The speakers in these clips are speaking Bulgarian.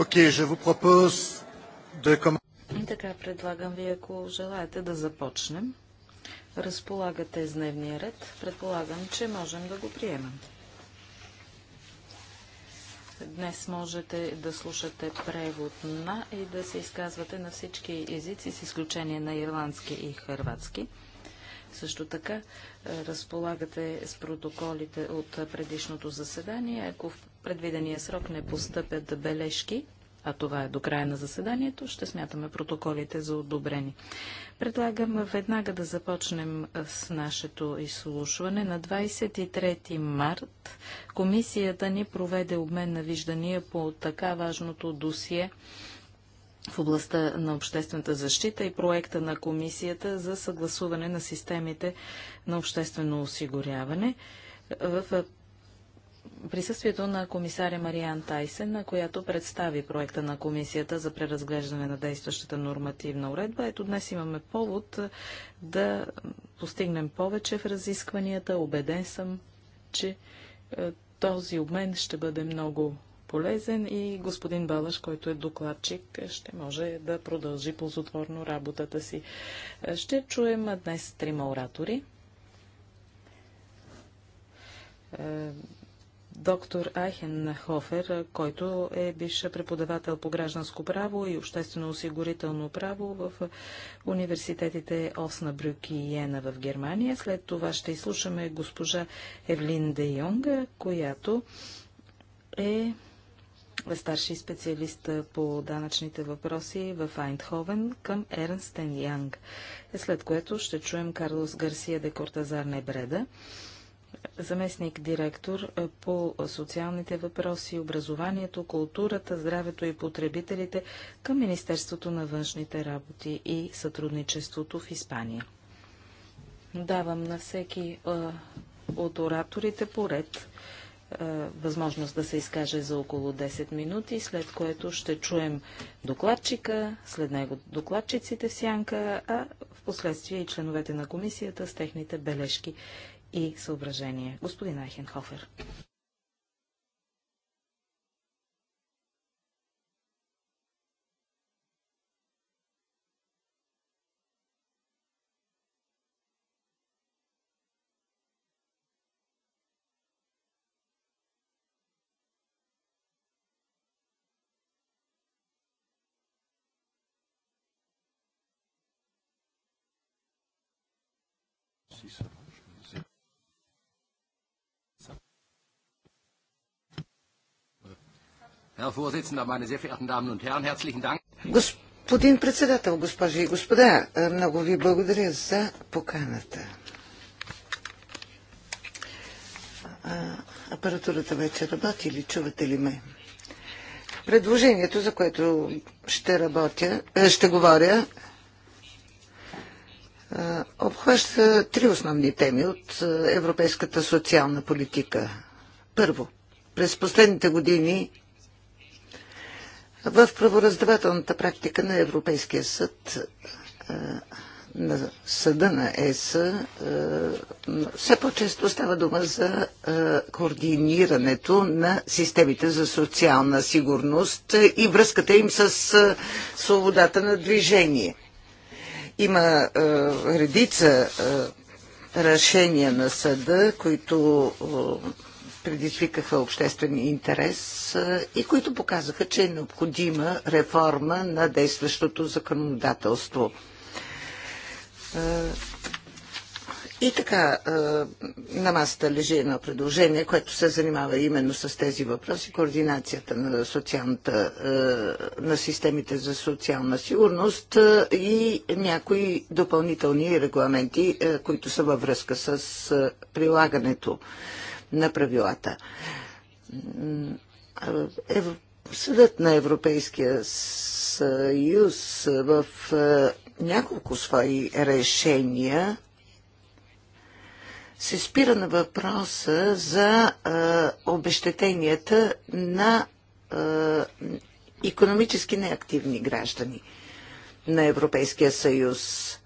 Окей, Така предлагам ви, ако желаете да започнем. Разполагате с дневния ред. Предполагам, че можем да го приемем. Днес можете да слушате превод на и да се изказвате на всички езици, с изключение на ирландски и хърватски. Също така е, разполагате с протоколите от предишното заседание. Ако в предвидения срок не постъпят бележки, а това е до края на заседанието, ще смятаме протоколите за одобрени. Предлагам веднага да започнем с нашето изслушване. На 23 март комисията ни проведе обмен на виждания по така важното досие в областта на обществената защита и проекта на комисията за съгласуване на системите на обществено осигуряване. В присъствието на комисаря Мариан Тайсен, която представи проекта на Комисията за преразглеждане на действащата нормативна уредба. Ето днес имаме повод да постигнем повече в разискванията. Обеден съм, че този обмен ще бъде много полезен и господин Балаш, който е докладчик, ще може да продължи ползотворно работата си. Ще чуем днес трима оратори доктор Айхен Хофер, който е бивш преподавател по гражданско право и обществено-осигурително право в университетите Оснабрюк и Йена в Германия. След това ще изслушаме госпожа Евлин Де Йонг, която е старши специалист по данъчните въпроси в Айндховен към Ернстен Янг, след което ще чуем Карлос Гарсия де Кортазар Небреда. Бреда заместник директор е, по социалните въпроси, образованието, културата, здравето и потребителите към Министерството на външните работи и сътрудничеството в Испания. Давам на всеки а, е, от ораторите поред е, възможност да се изкаже за около 10 минути, след което ще чуем докладчика, след него докладчиците в сянка, а в последствие и членовете на комисията с техните бележки и съображения. Господин Айхенхофер. Thank you. Господин председател, госпожи и господа, е, много ви благодаря за поканата. апаратурата вече работи или Чувате ли ме? Предложението, за което ще работя, е, ще говоря, е, обхваща три основни теми от европейската социална политика. Първо, през последните години в правораздавателната практика на Европейския съд е, на съда на ЕС е, все по-често става дума за е, координирането на системите за социална сигурност и връзката им с свободата на движение. Има редица решения на съда, които предизвикаха обществен интерес и които показаха, че е необходима реформа на действащото законодателство. И така, на масата лежи едно предложение, което се занимава именно с тези въпроси, координацията на, социалната, на системите за социална сигурност и някои допълнителни регламенти, които са във връзка с прилагането на правилата. Съдът на Европейския съюз в е, няколко свои решения се спира на въпроса за а, е, обещетенията на економически неактивни граждани на Европейския съюз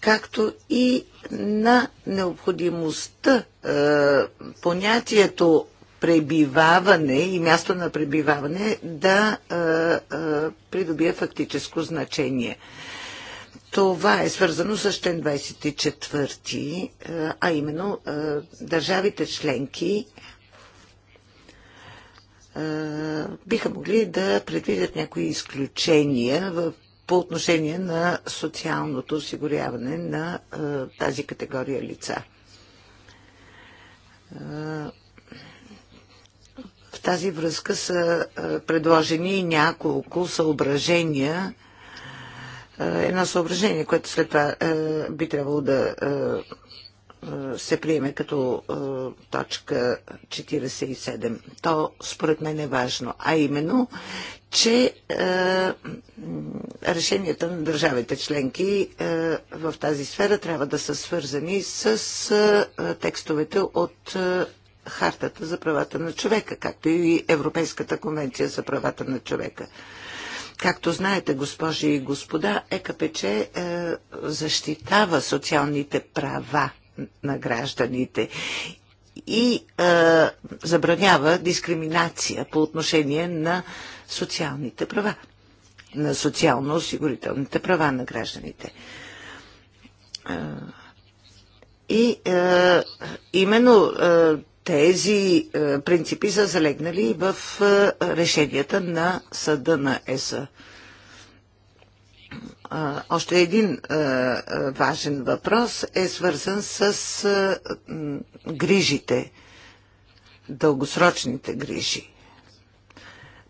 както и на необходимостта е, понятието пребиваване и място на пребиваване да е, е, придобие фактическо значение. Това е свързано с член 24, а именно държавите членки биха могли да предвидят някои изключения в по отношение на социалното осигуряване на тази категория лица. В тази връзка са предложени няколко съображения. Едно съображение, което след това би трябвало да се приеме като точка 47. То според мен е важно, а именно, че решенията на държавите членки в тази сфера трябва да са свързани с текстовете от Хартата за правата на човека, както и Европейската конвенция за правата на човека. Както знаете, госпожи и господа, ЕКПЧ е, защитава социалните права на гражданите и а, забранява дискриминация по отношение на социалните права, на социално-осигурителните права на гражданите. и е, именно е, тези е, принципи са залегнали в е, решенията на Съда на ЕСА още един важен въпрос е свързан с грижите, дългосрочните грижи.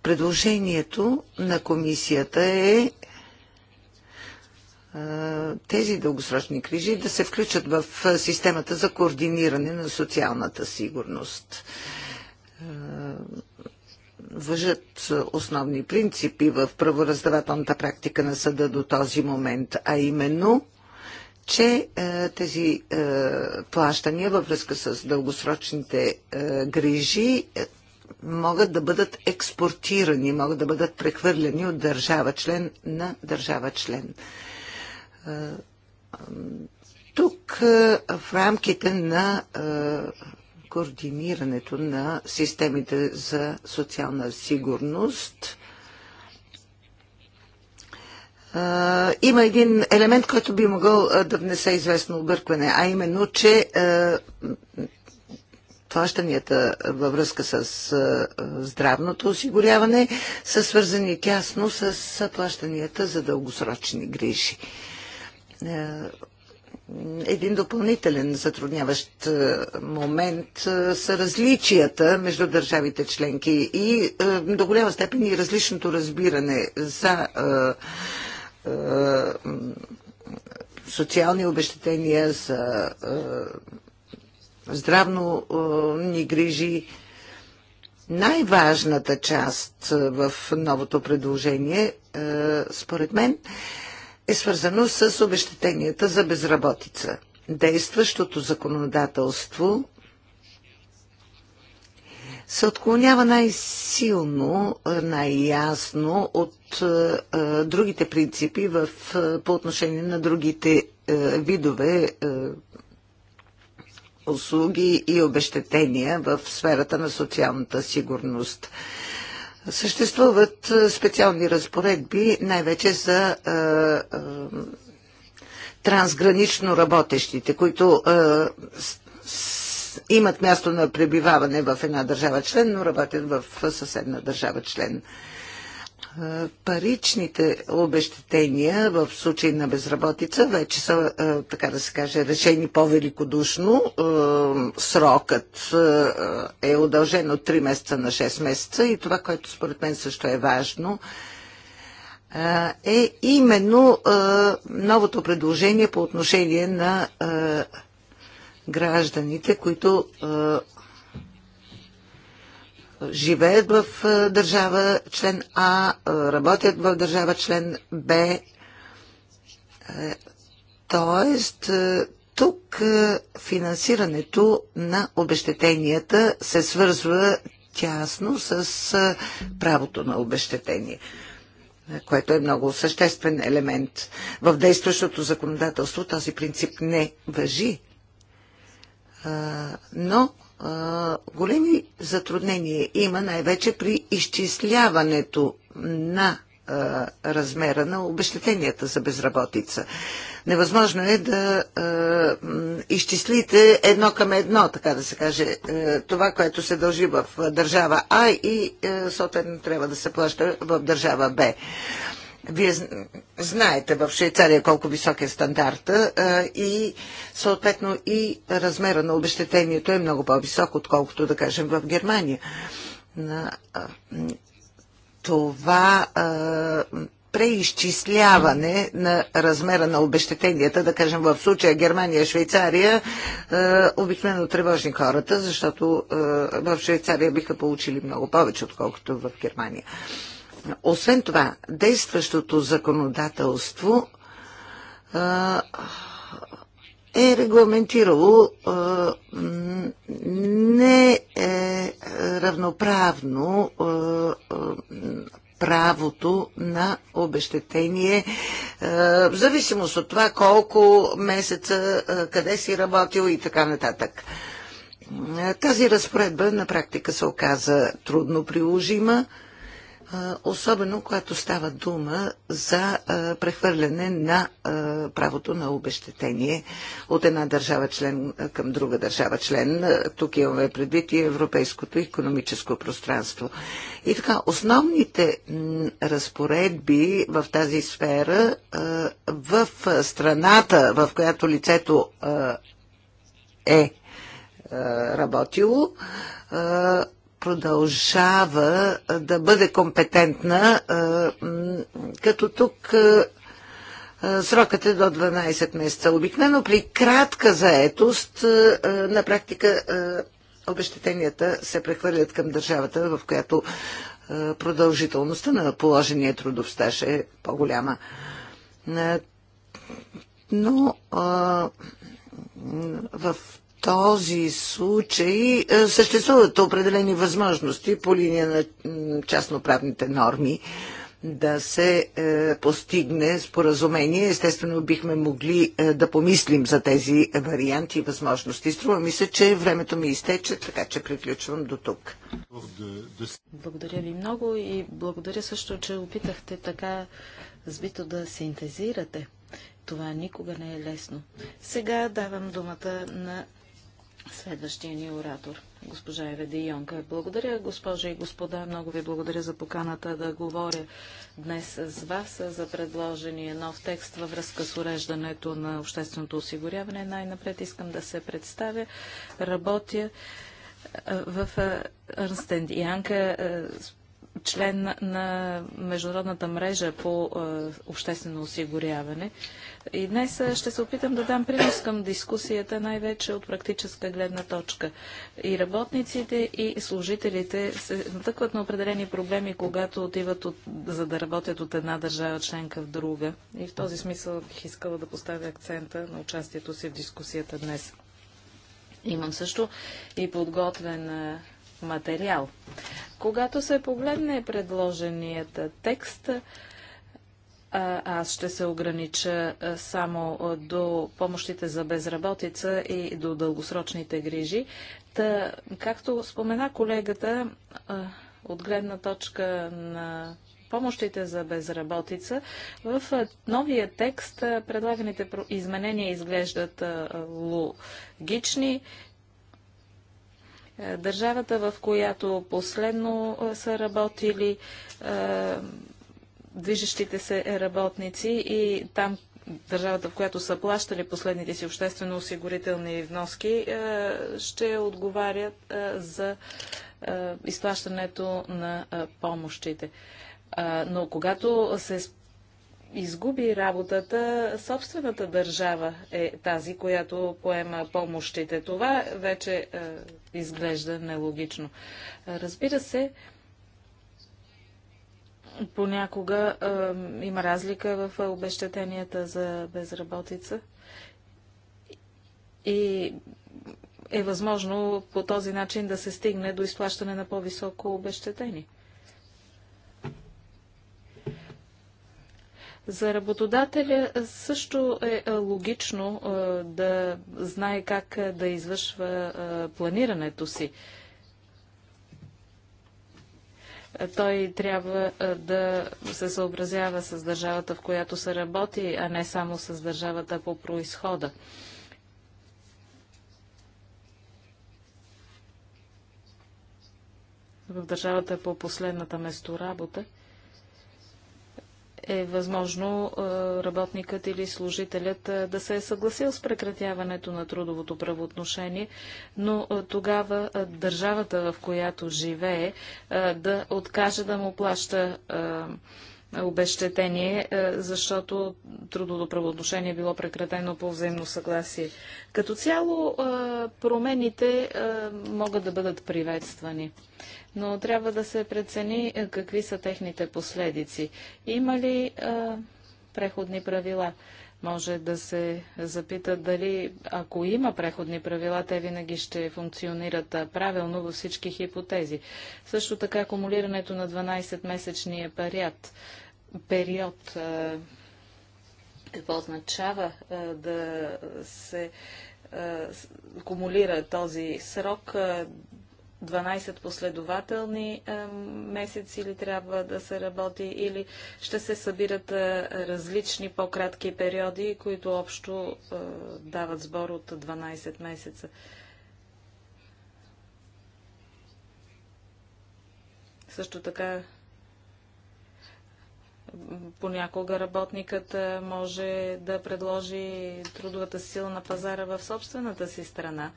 Предложението на комисията е тези дългосрочни грижи да се включат в системата за координиране на социалната сигурност въжат основни принципи в правораздавателната практика на съда до този момент, а именно, че е, тези е, плащания във връзка с дългосрочните е, грижи е, могат да бъдат експортирани, могат да бъдат прехвърляни от държава член на държава член. Е, тук е, в рамките на координирането на системите за социална сигурност. Има един елемент, който би могъл да внесе известно объркване, а именно, че плащанията във връзка с здравното осигуряване са свързани тясно с плащанията за дългосрочни грижи един допълнителен затрудняващ е, момент е, са различията между държавите членки и е, до голяма степен и различното разбиране за социални обещетения, за здравно ни грижи. Най-важната част в новото предложение, според мен, е е свързано с обещетенията за безработица. Действащото законодателство се отклонява най-силно, е, най-ясно от е, е, другите принципи в, е, по отношение на другите е, видове е, услуги и обещетения в сферата на социалната сигурност. Съществуват специални разпоредби, най-вече за а, а, трансгранично работещите, които а, с, имат място на пребиваване в една държава член, но работят в съседна държава член. Е, паричните обещетения в случай на безработица вече са, е, така да се каже, решени по-великодушно. Е, срокът е удължен от 3 месеца на 6 месеца и това, което според мен също е важно, е именно новото предложение по отношение на гражданите, които живеят в държава член А, работят в държава член Б. Е, тоест, тук финансирането на обещетенията се свързва тясно с правото на обещетение което е много съществен елемент. В действащото законодателство този принцип не въжи, но големи затруднения има най-вече при изчисляването на размера на обещетенията за безработица. Невъзможно е да е, изчислите едно към едно, така да се каже, е, това, което се дължи в държава А и е, съответно трябва да се плаща в държава Б. Вие знаете в Швейцария колко висок е стандарта и съответно и размера на обещетението е много по-висок, отколкото да кажем в Германия. Това преизчисляване на размера на обещетенията, да кажем в случая Германия, Швейцария, обикновено тревожни хората, защото в Швейцария биха получили много повече, отколкото в Германия. Освен това, действащото законодателство е регламентирало не е равноправно правото на обещетение в зависимост от това колко месеца, къде си работил и така нататък. Тази разпоредба на практика се оказа трудно приложима особено когато става дума за прехвърляне на правото на обещетение от една държава член към друга държава член. Тук имаме предвид и европейското економическо пространство. И така, основните разпоредби в тази сфера в страната, в която лицето е работило, продължава да бъде компетентна, като тук срокът е до 12 месеца. Обикновено при кратка заетост на практика обещетенията се прехвърлят към държавата, в която продължителността на положения трудов стаж е по-голяма. Но в този случай е, съществуват определени възможности по линия на частноправните норми да се е, постигне споразумение. Естествено, бихме могли е, да помислим за тези варианти и възможности. Струва ми се, че времето ми изтече, така че приключвам до тук. Благодаря ви много и благодаря също, че опитахте така сбито да синтезирате. Това никога не е лесно. Сега давам думата на Следващия ни оратор, госпожа Еведе Йонка. Благодаря, госпожа и господа. Много ви благодаря за поканата да говоря днес с вас за предложения нов текст във връзка с уреждането на общественото осигуряване. Най-напред искам да се представя. Работя в Ernst Янка, член на Международната мрежа по обществено осигуряване. И днес ще се опитам да дам принос към дискусията най-вече от практическа гледна точка. И работниците, и служителите се натъкват на определени проблеми, когато отиват от, за да работят от една държава членка в друга. И в този смисъл бих искала да поставя акцента на участието си в дискусията днес. Имам също и подготвен материал. Когато се погледне предложеният текст, аз ще се огранича само до помощите за безработица и до дългосрочните грижи. Та, както спомена колегата, от гледна точка на помощите за безработица, в новия текст предлаганите изменения изглеждат логични. Е, държавата, в която последно са работили движещите се работници и там държавата, в която са плащали последните си обществено-осигурителни вноски, е, ще отговарят е, за е, изплащането на помощите. Но когато се изгуби работата, собствената държава е тази, която поема помощите. Това вече изглежда нелогично. Разбира се, Понякога а, има разлика в обещетенията за безработица и е възможно по този начин да се стигне до изплащане на по-високо обещетение. За работодателя също е логично да знае как да извършва планирането си той трябва да се съобразява с държавата, в която се работи, а не само с държавата по происхода. В държавата по последната место работа – е възможно работникът или служителят да се е съгласил с прекратяването на трудовото правоотношение, но тогава държавата, в която живее, да откаже да му плаща е, обещетение, е, защото трудовото правоотношение било прекратено по взаимно съгласие. Като цяло е, промените могат да бъдат приветствани, но трябва да се прецени какви са техните последици. Има ли преходни правила? Може да се запита дали, ако има преходни правила, те винаги ще функционират правилно във всички хипотези. Също така, акумулирането на 12-месечния период, период е, какво означава да се кумулира този срок, 12 последователни е, месеци или трябва да се работи или ще се събират е, различни по-кратки периоди, които общо е, дават сбор от 12 месеца. Също така понякога работникът може да предложи трудовата сила на пазара в собствената си страна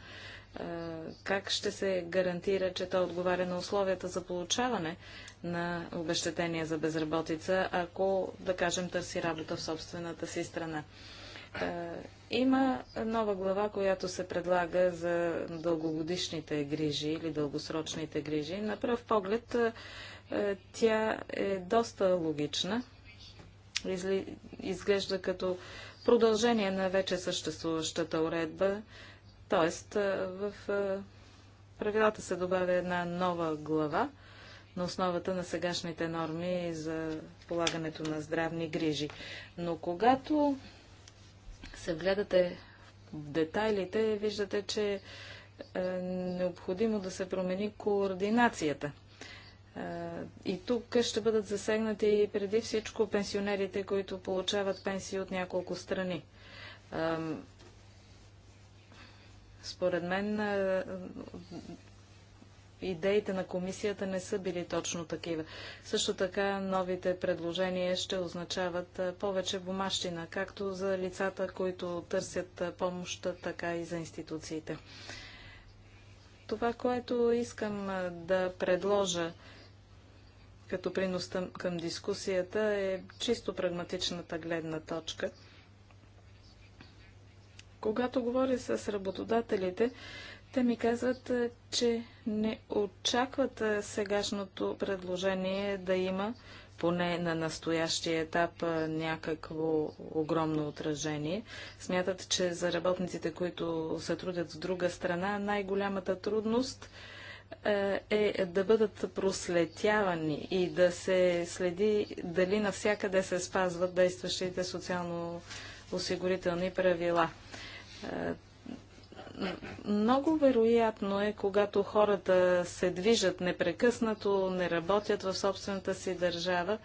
как ще се гарантира, че то отговаря на условията за получаване на обещетения за безработица, ако, да кажем, търси работа в собствената си страна. Има нова глава, която се предлага за дългогодишните грижи или дългосрочните грижи. На пръв поглед тя е доста логична. Изглежда като продължение на вече съществуващата уредба Тоест, в правилата се добавя една нова глава на основата на сегашните норми за полагането на здравни грижи. Но когато се вгледате в детайлите, виждате, че е необходимо да се промени координацията. Е, и тук ще бъдат засегнати преди всичко пенсионерите, които получават пенсии от няколко страни. Според мен е, идеите на комисията не са били точно такива. Също така новите предложения ще означават е, повече бумащина, както за лицата, които търсят е, помощ, така и за институциите. Това, което искам да предложа като принос към дискусията е чисто прагматичната гледна точка – когато говоря с работодателите, те ми казват, е, че не очакват е, сегашното предложение да има поне на настоящия етап е, някакво огромно отражение. Смятат, че за работниците, които се трудят с друга страна, най-голямата трудност е, е да бъдат проследявани и да се следи дали навсякъде се спазват действащите социално осигурителни правила. Много вероятно е, когато хората се движат непрекъснато, не работят в собствената си държава,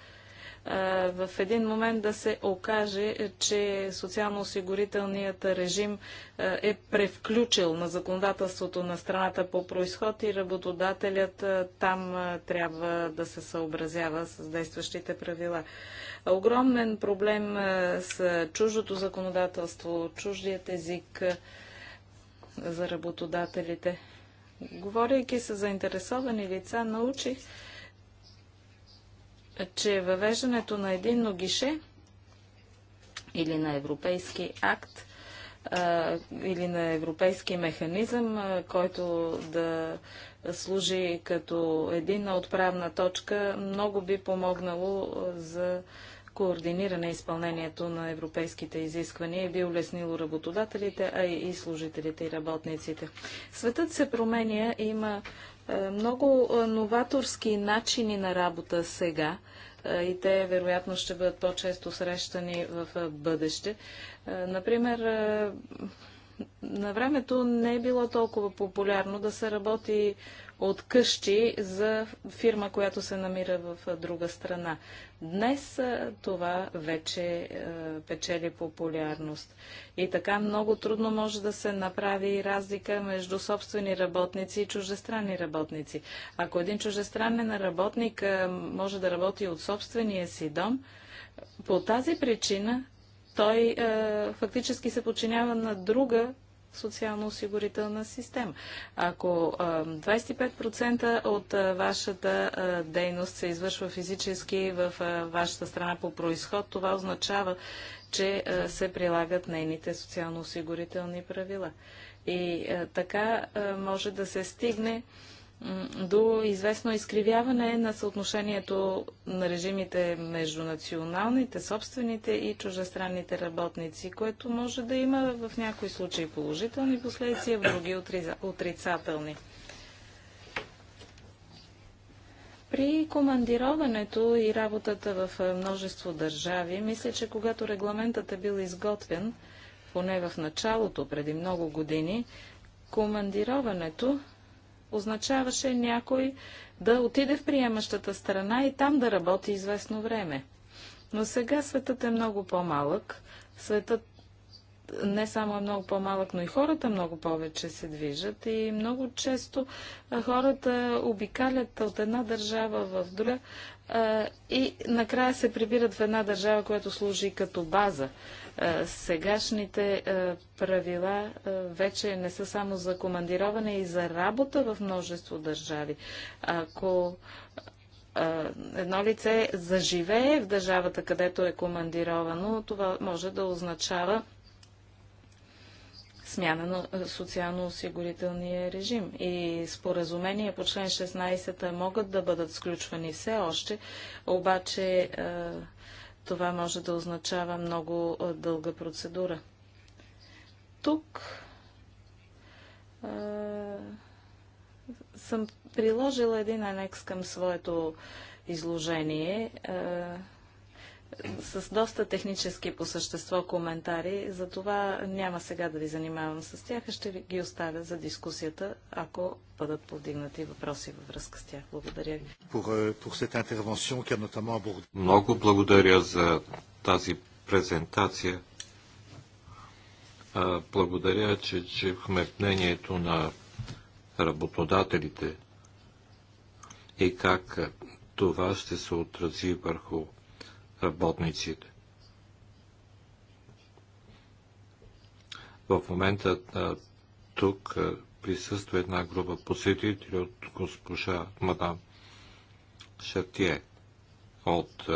в един момент да се окаже, че социално-осигурителният режим е превключил на законодателството на страната по происход и работодателят там трябва да се съобразява с действащите правила. Огромен проблем с чуждото законодателство, чуждият език за работодателите. Говорейки с заинтересовани лица, научих, че въвеждането на единно гише или на европейски акт или на европейски механизъм, който да служи като единна отправна точка, много би помогнало за координиране изпълнението на европейските изисквания и би улеснило работодателите, а и служителите и работниците. Светът се променя, и има е, много е, новаторски начини на работа сега е, и те вероятно ще бъдат по-често срещани в бъдеще. Например, на времето не е било толкова популярно да се работи от къщи за фирма, която се намира в друга страна. Днес това вече печели популярност. И така много трудно може да се направи разлика между собствени работници и чуждестранни работници. Ако един чуждестранен работник може да работи от собствения си дом, по тази причина той е, фактически се подчинява на друга социално-осигурителна система. Ако е, 25% от е, вашата е, дейност се извършва физически в е, вашата страна по происход, това означава, че е, се прилагат нейните социално-осигурителни правила. И е, така може да се стигне до известно изкривяване на съотношението на режимите между националните, собствените и чужестранните работници, което може да има в някои случаи положителни последици, а в други отрицателни. При командироването и работата в множество държави, мисля, че когато регламентът е бил изготвен, поне в началото, преди много години, командироването означаваше някой да отиде в приемащата страна и там да работи известно време. Но сега светът е много по-малък. Светът не само е много по-малък, но и хората много повече се движат и много често хората обикалят от една държава в друга и накрая се прибират в една държава, която служи като база. Сегашните правила вече не са само за командироване и за работа в множество държави. Ако едно лице заживее в държавата, където е командировано, това може да означава смяна на социално-осигурителния режим. И споразумения по член 16 могат да бъдат сключвани все още, обаче това може да означава много дълга процедура. Тук а, съм приложила един анекс към своето изложение. А, с доста технически по същество коментари, затова няма сега да ви занимавам с тях, а ще ги оставя за дискусията, ако бъдат повдигнати въпроси във връзка с тях. Благодаря ви. Euh, Много благодаря за тази презентация. Благодаря, че чухме мнението на работодателите и как това ще се отрази върху работниците. В момента тук присъства една група посетители от госпожа мадам Шатие от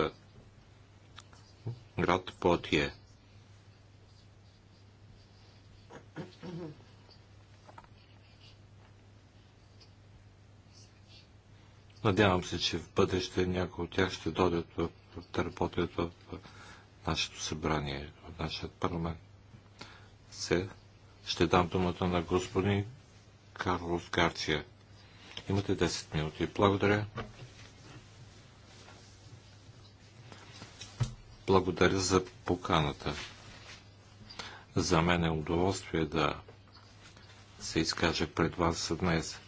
град Платие. Надявам се, че в бъдеще някои от тях ще дойдат в да работят в нашето събрание, в нашия парламент. Се, ще дам думата на господин Карлос Гарция. Имате 10 минути. Благодаря. Благодаря за поканата. За мен е удоволствие да се изкаже пред вас днес.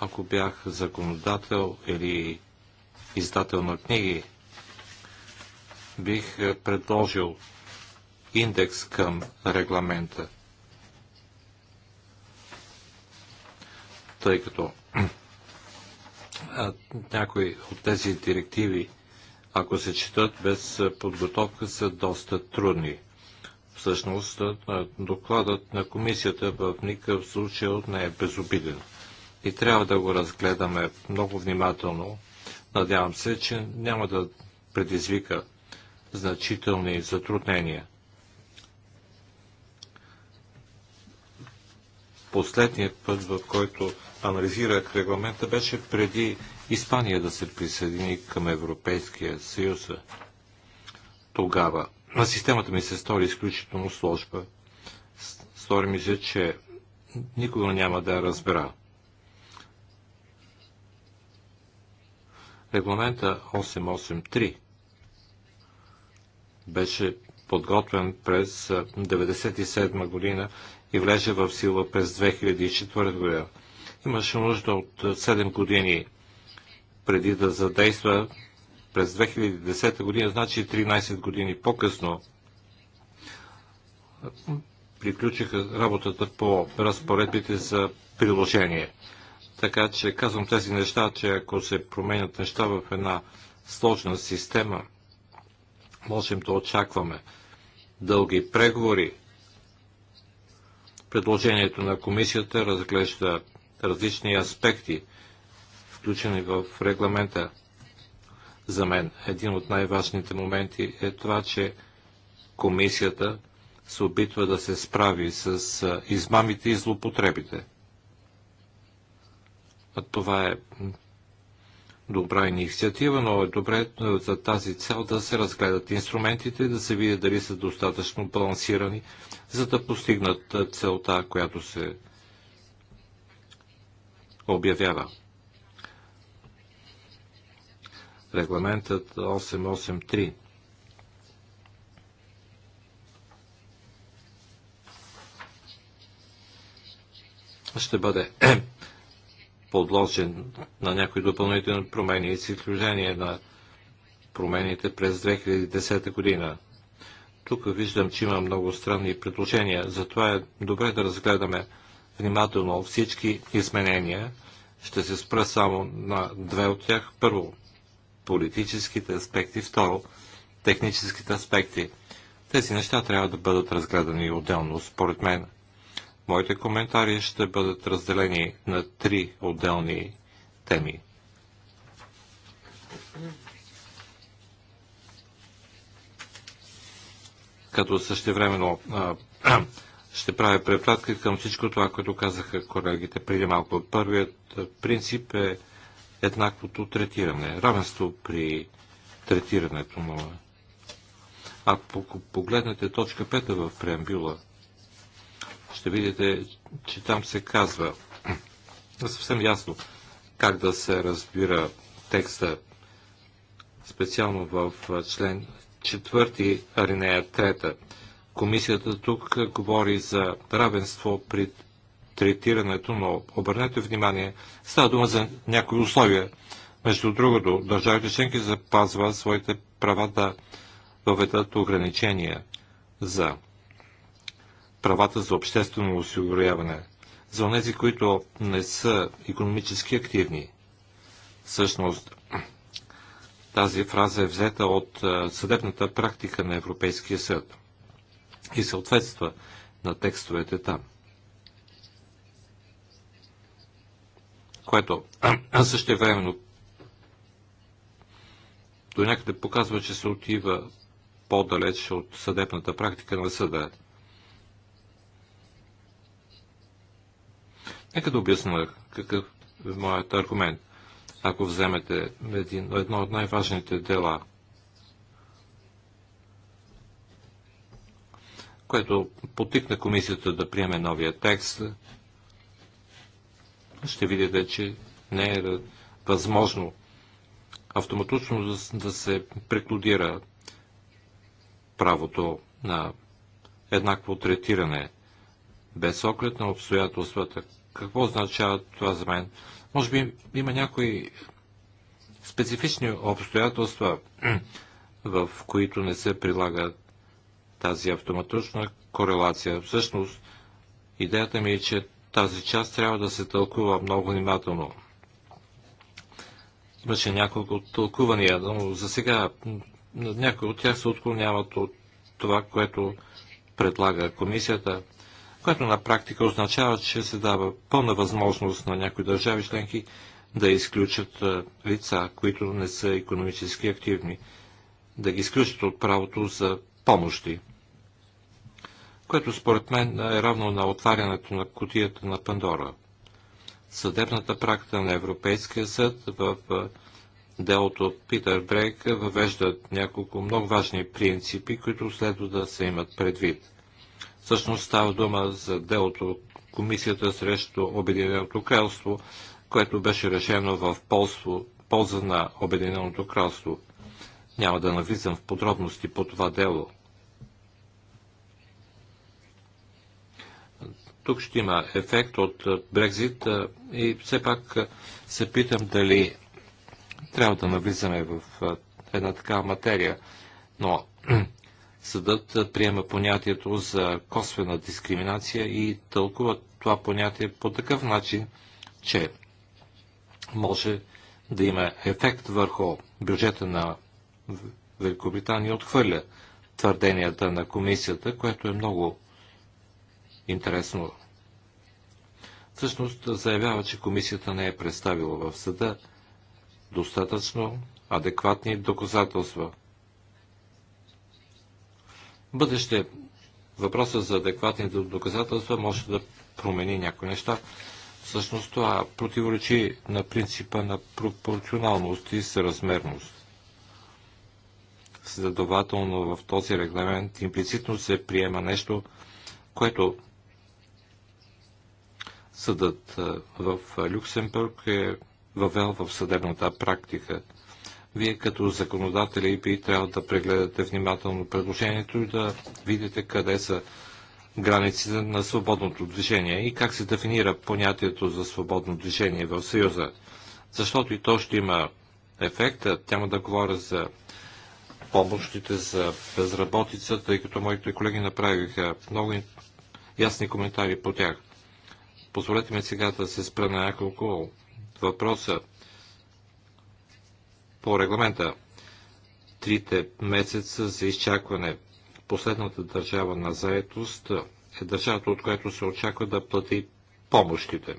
Ако бях законодател или издател на книги, бих е, предложил индекс към регламента, тъй като някои от тези директиви, ако се четат без е, подготовка, са доста трудни. Всъщност, е, докладът на комисията в никакъв случай не е безобиден и трябва да го разгледаме много внимателно Надявам се, че няма да предизвика значителни затруднения. Последният път, в който анализирах регламента, беше преди Испания да се присъедини към Европейския съюз. Тогава на системата ми се стори изключително сложба. Стори ми се, че никога няма да я разбера. Регламента 883 беше подготвен през 1997 година и влезе в сила през 2004 година. Имаше нужда от 7 години преди да задейства през 2010 година, значи 13 години по-късно приключиха работата по разпоредбите за приложение. Така че казвам тези неща, че ако се променят неща в една сложна система, можем да очакваме дълги преговори. Предложението на комисията разглежда различни аспекти, включени в регламента. За мен един от най-важните моменти е това, че комисията се опитва да се справи с измамите и злопотребите. Това е добра инициатива, но е добре за тази цел да се разгледат инструментите и да се види дали са достатъчно балансирани, за да постигнат целта, която се обявява. Регламентът 883 ще бъде подложен на някои допълнителни промени, с изключение на промените през 2010 година. Тук виждам, че има много странни предложения, затова е добре да разгледаме внимателно всички изменения. Ще се спра само на две от тях. Първо, политическите аспекти. Второ, техническите аспекти. Тези неща трябва да бъдат разгледани отделно, според мен. Моите коментари ще бъдат разделени на три отделни теми. Като същевременно ще правя препратка към всичко това, което казаха колегите преди малко. Първият принцип е еднаквото третиране, равенство при третирането му. А ако погледнете точка 5 в преамбюла, ще видите, че там се казва съвсем ясно как да се разбира текста специално в член 4, алинея 3. Комисията тук говори за равенство при третирането, но обърнете внимание, става дума за някои условия. Между другото, държавите членки запазва своите права да въведат ограничения за правата за обществено осигуряване за тези, които не са економически активни. Всъщност, тази фраза е взета от съдебната практика на Европейския съд и съответства на текстовете там. Което също времено до някъде показва, че се отива по-далеч от съдебната практика на съда. Нека да обясня какъв е моят аргумент. Ако вземете един, едно от най-важните дела, което потикна комисията да приеме новия текст, ще видите, че не е възможно автоматично да се преклудира правото на еднакво третиране, без оглед на обстоятелствата, какво означава това за мен? Може би има някои специфични обстоятелства, в които не се прилага тази автоматична корелация. Всъщност, идеята ми е, че тази част трябва да се тълкува много внимателно. Имаше няколко тълкувания, но за сега някои от тях се отклоняват от това, което предлага комисията което на практика означава, че се дава пълна възможност на някои държави членки да изключат лица, които не са економически активни, да ги изключат от правото за помощи, което според мен е равно на отварянето на котията на Пандора. Съдебната практика на Европейския съд в делото Питър Брейк въвежда няколко много важни принципи, които следва да се имат предвид. Всъщност става дума за делото Комисията срещу Обединеното кралство, което беше решено в полство, полза на Обединеното кралство. Няма да навлизам в подробности по това дело. Тук ще има ефект от Брекзит и все пак се питам дали трябва да навлизаме в една такава материя. Но Съдът приема понятието за косвена дискриминация и тълкува това понятие по такъв начин, че може да има ефект върху бюджета на Великобритания отхвърля твърденията на комисията, което е много интересно. Всъщност заявява, че комисията не е представила в съда достатъчно адекватни доказателства бъдеще въпроса за адекватните доказателства може да промени някои неща. Всъщност това противоречи на принципа на пропорционалност и съразмерност. Следователно в този регламент имплицитно се приема нещо, което съдът в Люксембург е въвел в съдебната практика – вие като законодатели би трябва да прегледате внимателно предложението и да видите къде са границите на свободното движение и как се дефинира понятието за свободно движение в Съюза. Защото и то ще има ефекта. Тяма да говоря за помощите за безработица, тъй като моите колеги направиха много ясни коментари по тях. Позволете ми сега да се спра на няколко въпроса, по регламента. Трите месеца за изчакване. Последната държава на заетост е държавата, от която се очаква да плати помощите.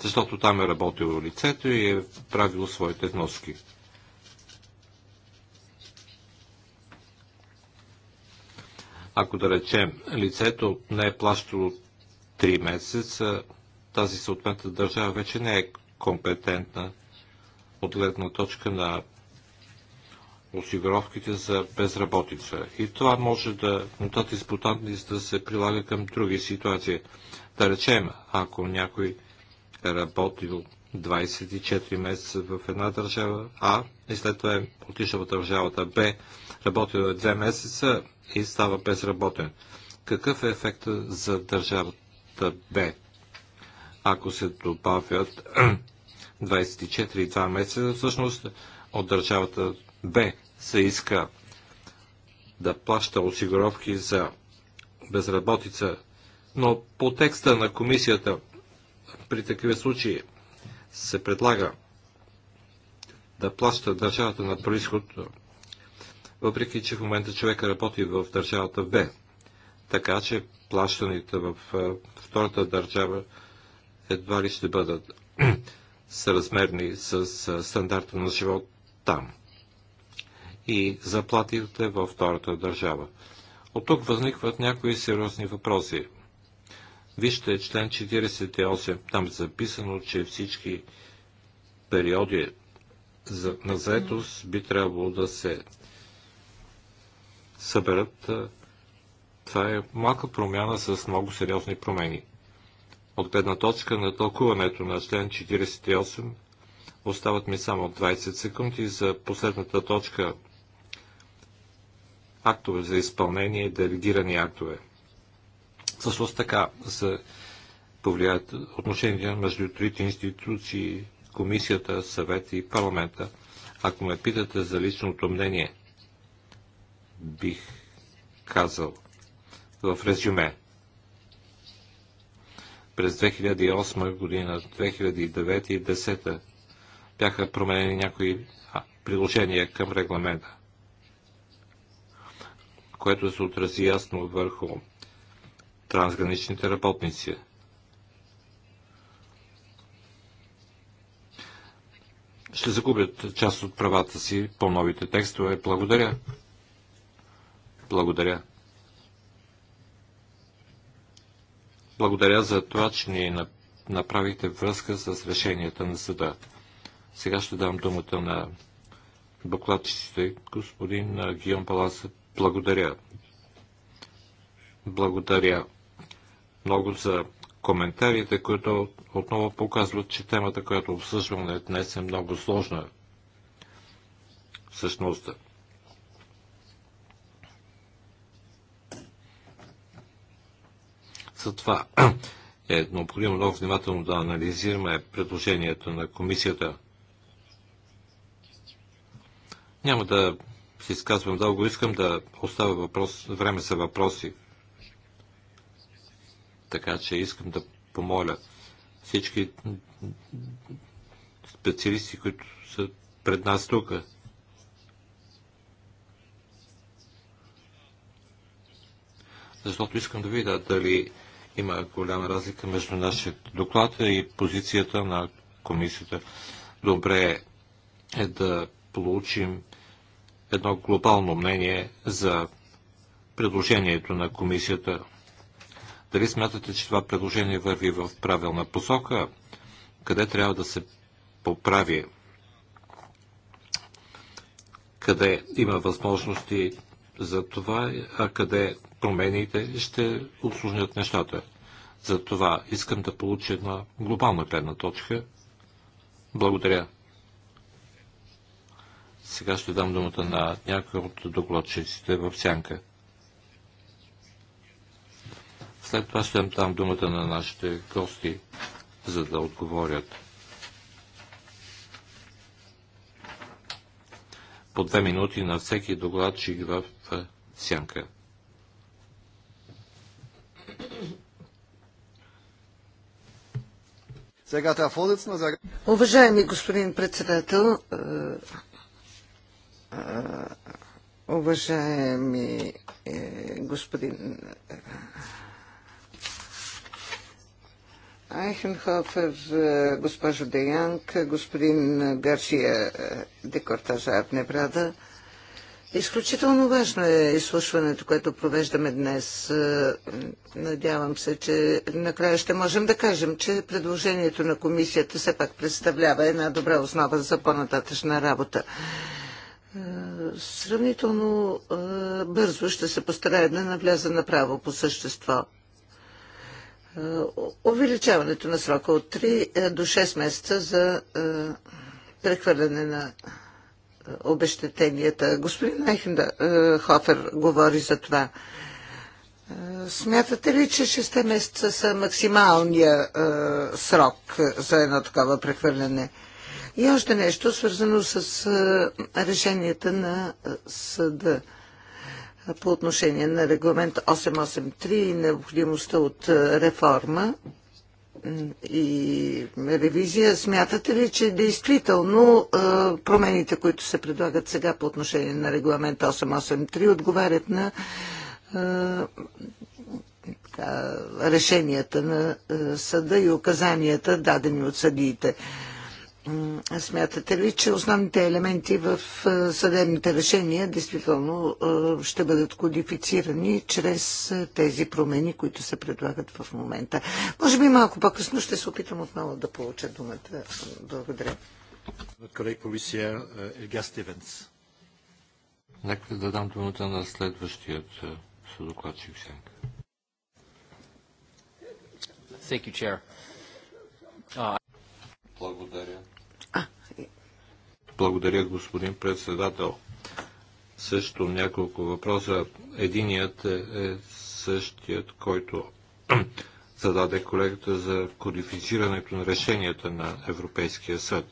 Защото там е работило лицето и е правило своите вноски. Ако да речем лицето не е плащало 3 месеца, тази съответната държава вече не е компетентна от гледна точка на осигуровките за безработица. И това може да, но тази да се прилага към други ситуации. Да речем, ако някой е работил 24 месеца в една държава А и след това е отишъл в държавата Б, работил 2 е месеца и става безработен. Какъв е ефектът за държавата Б? Ако се добавят 24-2 месеца всъщност от държавата Б се иска да плаща осигуровки за безработица, но по текста на комисията при такива случаи се предлага да плаща държавата на происход, въпреки че в момента човека работи в държавата Б. Така че плащаните в втората държава едва ли ще бъдат съразмерни с стандарта на живот там и заплатите във втората държава. От тук възникват някои сериозни въпроси. Вижте член 48, там е записано, че всички периоди на заетост би трябвало да се съберат. Това е малка промяна с много сериозни промени. От гледна точка на тълкуването на член 48 остават ми само 20 секунди за последната точка актове за изпълнение делегирани актове. Също така се повлияят отношения между трите институции, комисията, съвет и парламента. Ако ме питате за личното мнение, бих казал в резюме. През 2008 година, 2009 и 2010 бяха променени някои приложения към регламента, което се отрази ясно върху трансграничните работници. Ще загубят част от правата си по новите текстове. Благодаря. Благодаря. Благодаря за това, че ни направихте връзка с решенията на съда. Сега ще дам думата на докладчиците. Господин Гион Паласа. благодаря. Благодаря много за коментарите, които отново показват, че темата, която обсъждаме днес е много сложна. Всъщност, Затова е необходимо много внимателно да анализираме предложението на комисията. Няма да се изказвам дълго, искам да оставя въпрос, време за въпроси. Така че искам да помоля всички специалисти, които са пред нас тук. Защото искам да видя дали има голяма разлика между нашия доклад и позицията на комисията. Добре е да получим едно глобално мнение за предложението на комисията. Дали смятате, че това предложение върви в правилна посока? Къде трябва да се поправи? Къде има възможности за това а къде промените ще усложнят нещата. За това искам да получа една глобална гледна точка. Благодаря. Сега ще дам думата на някой от докладчиците в сянка. След това ще дам думата на нашите гости, за да отговорят. по две минути на всеки докладчик в сянка. Уважаеми господин председател, е, е, уважаеми е, господин Айхенхофер, е, госпожо Деянг, господин Гарсия в е, Небрада. Изключително важно е изслушването, което провеждаме днес. Е, надявам се, че накрая ще можем да кажем, че предложението на комисията все пак представлява една добра основа за по-нататъчна работа. Сравнително бързо ще се постарая да навляза направо по същество. Е, увеличаването на срока от 3 е, до 6 месеца за е, прехвърляне на обещетенията. Господин Айхенда Хофер говори за това. Смятате ли, че 6 месеца са максималния срок за едно такова прехвърляне? И още нещо, свързано с решенията на съда по отношение на регламент 883 и необходимостта от реформа и ревизия. Смятате ли, че действително промените, които се предлагат сега по отношение на регламент 883, отговарят на решенията на съда и указанията, дадени от съдиите? Смятате ли, че основните елементи в е, съдебните решения действително е, ще бъдат кодифицирани чрез е, тези промени, които се предлагат в момента? Може би малко по-късно ще се опитам отново да получа думата. Благодаря. Нека да дам думата на следващият съдокладчик Сенка. Uh, Благодаря. Благодаря, господин председател. Също няколко въпроса. Единият е, е същият, който зададе колегата за кодифицирането на решенията на Европейския съд.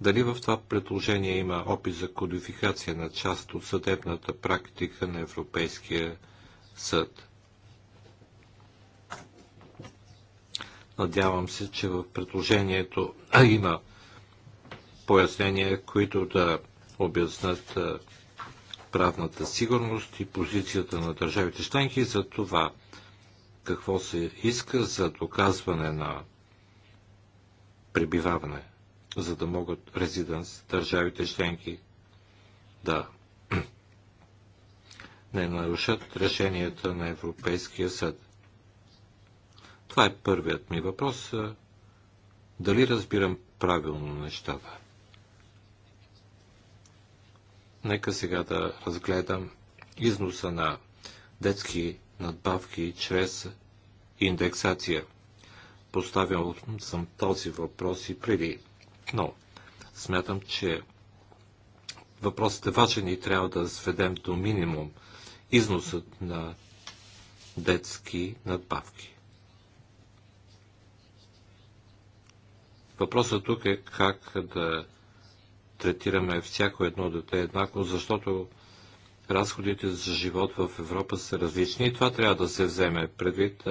Дали в това предложение има опит за кодификация на част от съдебната практика на Европейския съд? Надявам се, че в предложението а, има пояснения, които да обяснат правната сигурност и позицията на държавите членки за това какво се иска за доказване на пребиваване, за да могат резиденс държавите членки да не нарушат решенията на Европейския съд. Това е първият ми въпрос. Дали разбирам правилно нещата? Нека сега да разгледам износа на детски надбавки чрез индексация. Поставял съм този въпрос и преди, но смятам, че въпросът е важен и трябва да сведем до минимум износът на детски надбавки. Въпросът тук е как да третираме всяко едно дете еднакво, защото разходите за живот в Европа са различни и това трябва да се вземе предвид.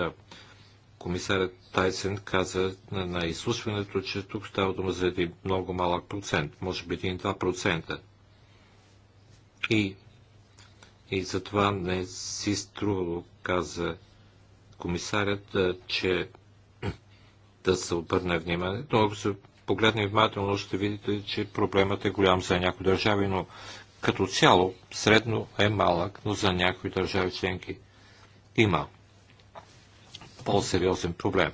Комисарът Тайсен каза на изслушването, че тук става дума за един много малък процент, може би 1-2%. И, и затова не си струвало, каза комисарят, че да се обърне внимание, но ако се погледне внимателно, ще видите, че проблемът е голям за някои държави, но като цяло средно е малък, но за някои държави членки има по-сериозен проблем.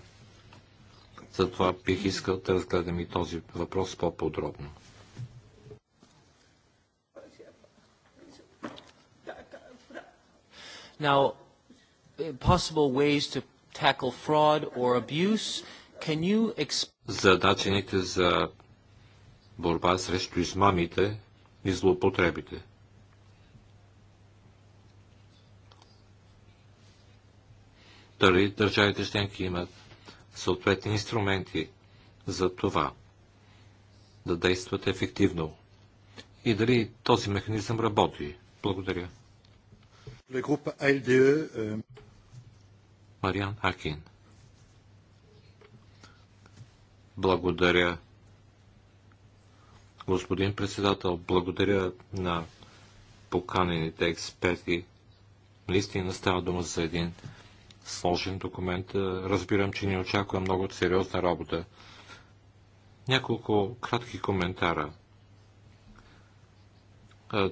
Затова бих искал да разгледам и този въпрос по-подробно. Now, possible ways to tackle fraud or abuse за начините за борба срещу измамите и злоупотребите. Дали държавите членки имат съответни инструменти за това да действат ефективно и дали този механизъм работи. Благодаря. E, euh, Мариан Акин. Благодаря. Господин председател, благодаря на поканените експерти. Наистина става дума за един сложен документ. Разбирам, че ни очаква много сериозна работа. Няколко кратки коментара.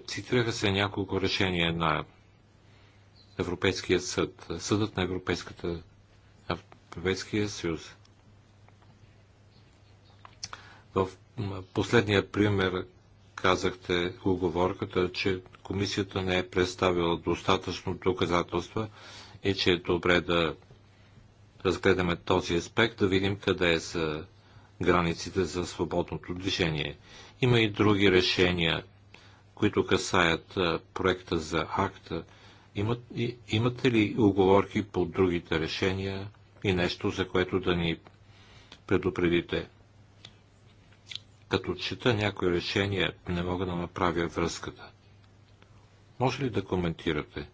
Цитираха се няколко решения на Европейския съд, съдът на Европейската, Европейския съюз. В последния пример казахте оговорката, че комисията не е представила достатъчно доказателства и че е добре да разгледаме този аспект, да видим къде са границите за свободното движение. Има и други решения, които касаят проекта за акта. Имат, и, имате ли оговорки по другите решения и нещо, за което да ни предупредите? Като чета някои решения, не мога да направя връзката. Може ли да коментирате?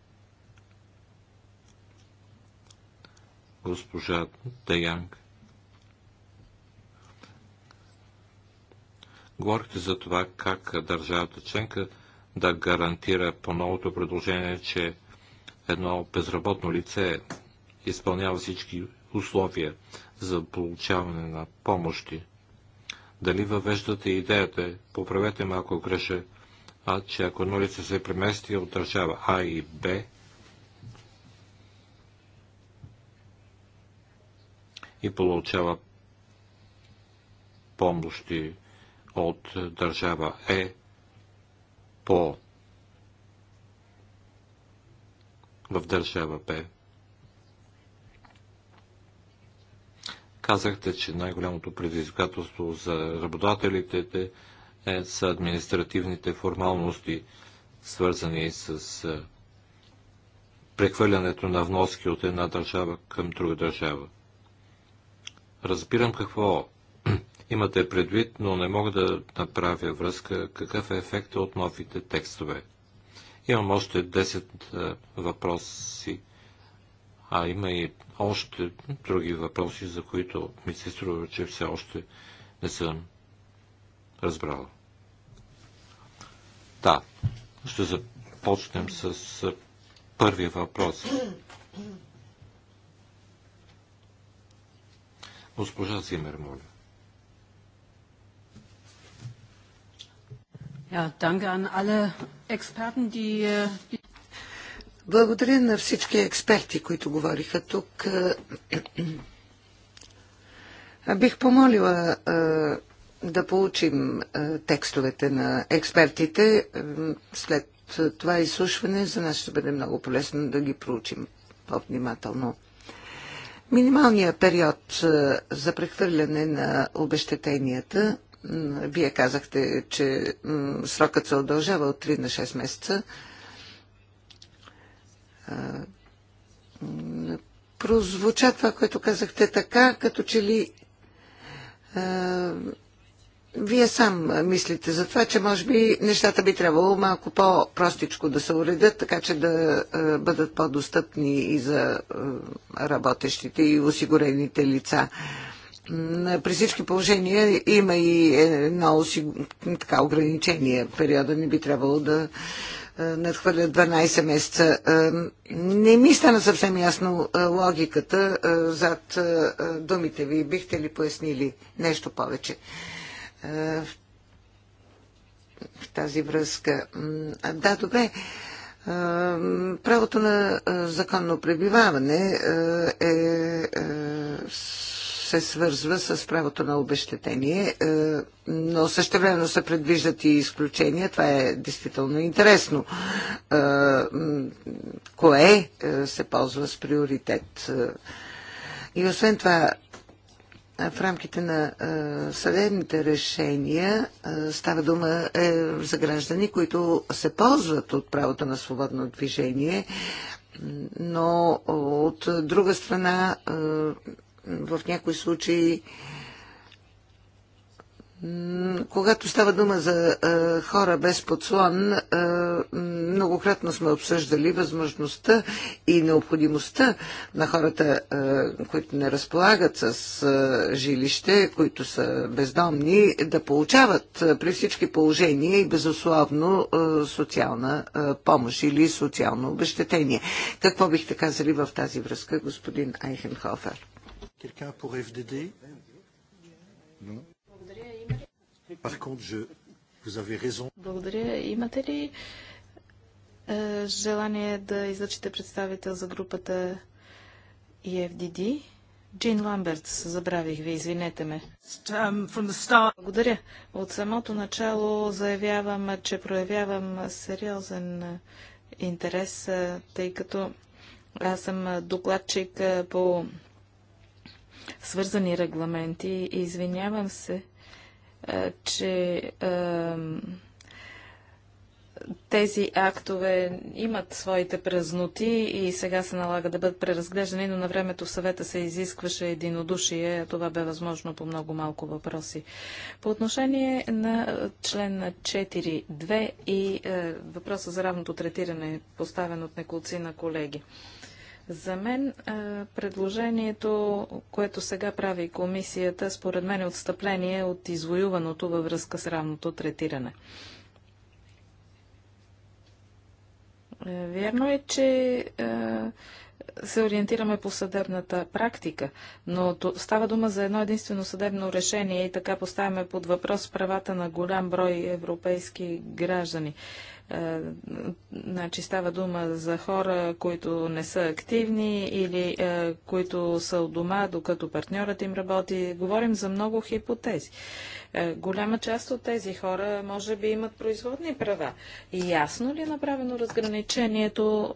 Госпожа Деянг. Говорите за това, как държавата членка да гарантира по новото предложение, че едно безработно лице изпълнява всички условия за получаване на помощи дали въвеждате идеята, поправете ме ако греша, а че ако нулица се премести от държава А и Б, и получава помощи от държава Е по в държава Б. Казахте, че най-голямото предизвикателство за работодателите е, са административните формалности, свързани с е, прехвърлянето на вноски от една държава към друга държава. Разбирам какво имате предвид, но не мога да направя връзка какъв е ефектът от новите текстове. Имам още 10 е, въпроси а има и още други въпроси, за които ми се струва, че все още не съм разбрала. Да, ще започнем с първия въпрос. Госпожа Зимер, моля. Ja, danke an alle Experten, die... Äh, благодаря на всички експерти, които говориха тук. Бих помолила да получим текстовете на експертите. След това изслушване за нас ще бъде много полезно да ги проучим по-внимателно. Минималният период за прехвърляне на обещетенията, вие казахте, че срокът се удължава от 3 на 6 месеца прозвуча това, което казахте така, като че ли а, вие сам мислите за това, че може би нещата би трябвало малко по-простичко да се уредят, така че да а, бъдат по-достъпни и за а, работещите и осигурените лица. При всички положения има и едно така, ограничение. Периода не би трябвало да е, надхвърлят 12 месеца. Е, не ми стана съвсем ясно е, логиката зад думите ви. Бихте ли пояснили нещо повече? В тази връзка. Да, добре. Правото на законно пребиваване е се свързва с правото на обещетение, е, но същевременно се предвиждат и изключения. Това е действително интересно. Е, кое е, се ползва с приоритет? И освен това, в рамките на съдебните решения става дума за граждани, които се ползват от правото на свободно движение, но от друга страна в някои случаи когато става дума за хора без подслон, многократно сме обсъждали възможността и необходимостта на хората, които не разполагат с жилище, които са бездомни, да получават при всички положения и безусловно социална помощ или социално обещетение. Какво бихте казали в тази връзка, господин Айхенхофер? Quelqu'un pour FDD Non Par contre, je... vous avez raison. Благодаря. Имате ли е, желание да излъчите представител за групата EFDD? Джин Ламберт, забравих ви, извинете ме. Благодаря. От самото начало заявявам, че проявявам сериозен интерес, е, тъй като аз съм докладчик е, по свързани регламенти. Извинявам се, че тези актове имат своите празноти и сега се налага да бъдат преразглеждани, но на времето в съвета се изискваше единодушие. Това бе възможно по много малко въпроси. По отношение на член 4.2 и е, въпроса за равното третиране, поставен от неколци на колеги. Е, за мен е, предложението, което сега прави комисията, според мен е отстъпление от извоюваното във връзка с равното третиране. Е, вярно е, че е, се ориентираме по съдебната практика, но става дума за едно единствено съдебно решение и така поставяме под въпрос правата на голям брой европейски граждани. Е, значи става дума за хора, които не са активни или е, които са от дома, докато партньорът им работи. Говорим за много хипотези. Е, голяма част от тези хора може би имат производни права. И ясно ли е направено разграничението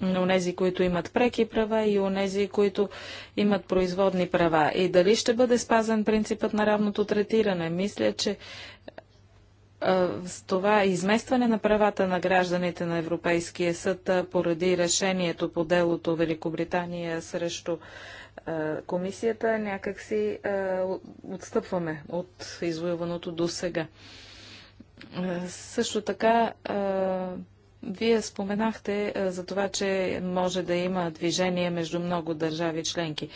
на онези, които имат преки права и онези, които имат производни права. И дали ще бъде спазен принципът на равното третиране? Мисля, че с това изместване на правата на гражданите на Европейския съд поради решението по делото Великобритания срещу комисията, някакси отстъпваме от извоюваното до сега. Също така, вие споменахте за това, че може да има движение между много държави членки.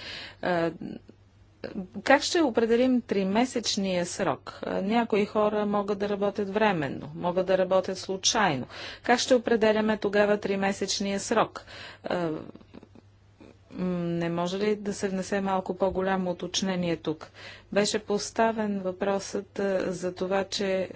Как ще определим тримесечния срок? Някои хора могат да работят временно, могат да работят случайно. Как ще определяме тогава тримесечния срок? Не може ли да се внесе малко по-голямо уточнение тук? Беше поставен въпросът за това, че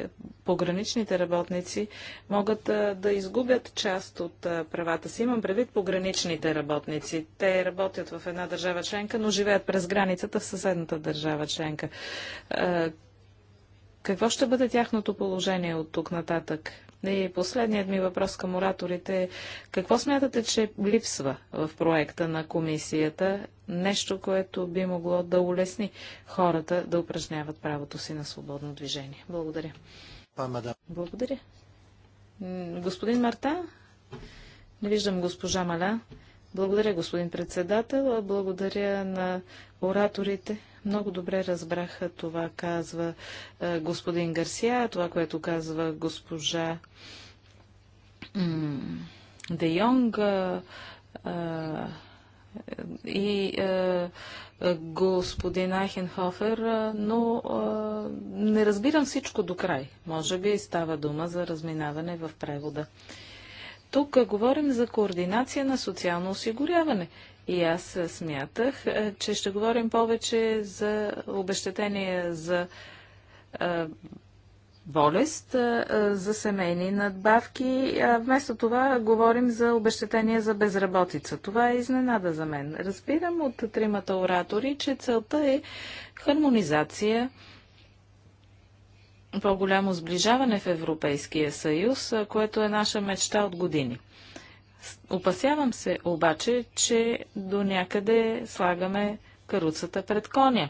пограничните работници могат да изгубят част от правата си. Имам предвид пограничните работници. Те работят в една държава членка, но живеят през границата в съседната държава членка. Какво ще бъде тяхното положение от тук нататък? И последният ми въпрос към ораторите е какво смятате, че липсва в проекта на комисията нещо, което би могло да улесни хората да упражняват правото си на свободно движение? Благодаря. Благодаря. Господин Марта? Не виждам госпожа Маля. Благодаря, господин председател. Благодаря на ораторите много добре разбраха това, казва е, господин Гарсия, това, което казва госпожа Де Йонг е, е, и господин Айхенхофер, но не разбирам всичко до край. Може би става дума за разминаване в превода. Тук говорим за координация на социално осигуряване. И аз смятах, че ще говорим повече за обещетения за болест, за семейни надбавки. Вместо това говорим за обещетения за безработица. Това е изненада за мен. Разбирам от тримата оратори, че целта е хармонизация, по-голямо сближаване в Европейския съюз, което е наша мечта от години. Опасявам се обаче, че до някъде слагаме каруцата пред коня.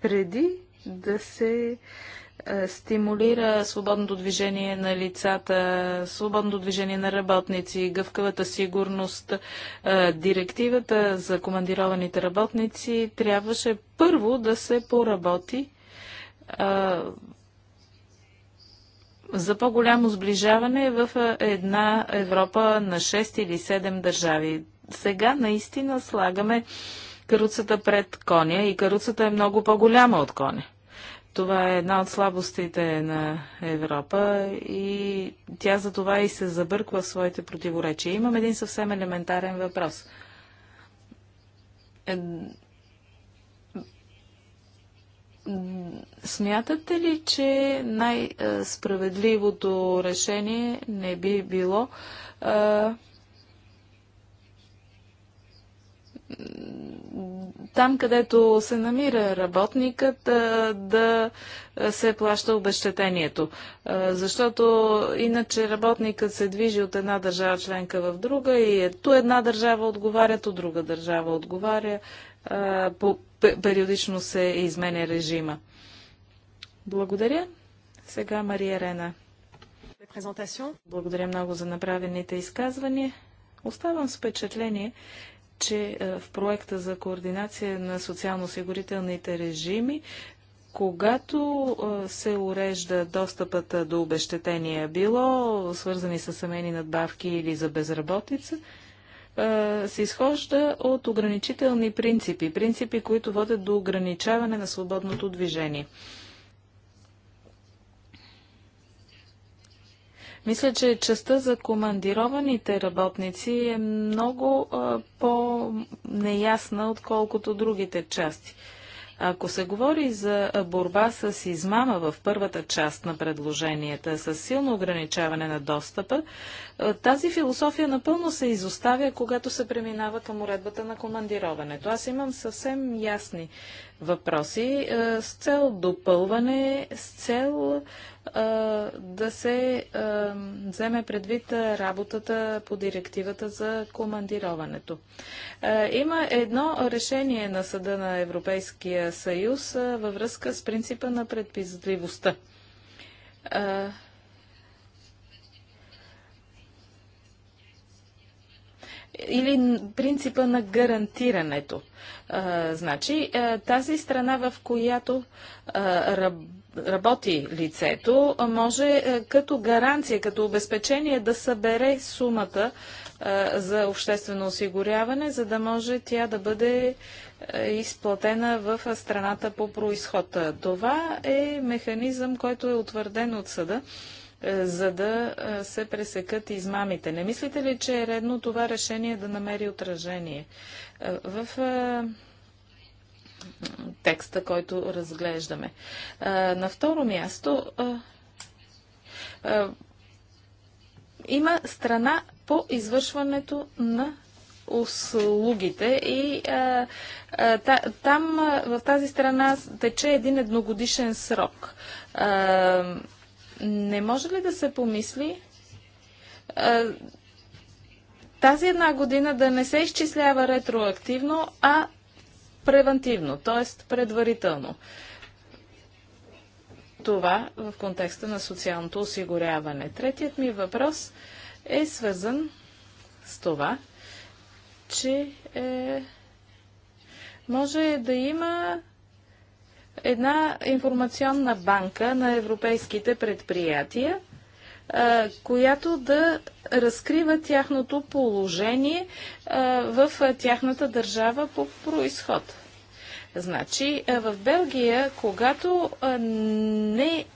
Преди да се е, стимулира свободното движение на лицата, свободното движение на работници, гъвкавата сигурност. Е, директивата за командированите работници трябваше първо да се поработи е, за по-голямо сближаване в една Европа на 6 или 7 държави. Сега наистина слагаме каруцата пред коня и каруцата е много по-голяма от коня. Това е една от слабостите на Европа и тя за това и се забърква в своите противоречия. Имам един съвсем елементарен въпрос. Е, смятате ли, че най-справедливото решение не би било а, там, където се намира работникът, да се плаща обещетението. Защото иначе работникът се движи от една държава членка в друга и ето една държава отговаря, то друга държава отговаря. По периодично се изменя режима. Благодаря. Сега Мария Рена. Благодаря много за направените изказвания. Оставам с впечатление, че е, в проекта за координация на социално-осигурителните режими когато е, се урежда достъпът е, до обещетения, било свързани с семейни надбавки или за безработица, се изхожда от ограничителни принципи, принципи, които водят до ограничаване на свободното движение. Мисля, че частта за командированите работници е много по-неясна, отколкото другите части. Ако се говори за борба с измама в първата част на предложенията, с силно ограничаване на достъпа, тази философия напълно се изоставя, когато се преминава към уредбата на командироването. Аз имам съвсем ясни въпроси с цел допълване, с цел да се вземе предвид работата по директивата за командироването. Има едно решение на Съда на Европейския съюз във връзка с принципа на предпизливостта. или принципа на гарантирането. А, значи, а, тази страна, в която а, работи лицето, може като гаранция, като обезпечение да събере сумата за обществено осигуряване, за да може тя да бъде изплатена в страната по происход. Това е механизъм, който е утвърден от съда е, за да е, се пресекат измамите. Не мислите ли, че е редно това решение да намери отражение? Е, в текста, който разглеждаме. На второ място има страна по извършването на услугите и там в тази страна тече един едногодишен срок. А, не може ли да се помисли тази една година да не се изчислява ретроактивно, а превентивно, т.е. предварително? Това в контекста на социалното осигуряване. Третият ми въпрос е свързан с това, че е, може да има една информационна банка на европейските предприятия, която да разкрива тяхното положение в тяхната държава по происход. Значи, е, в Белгия, когато е, не е,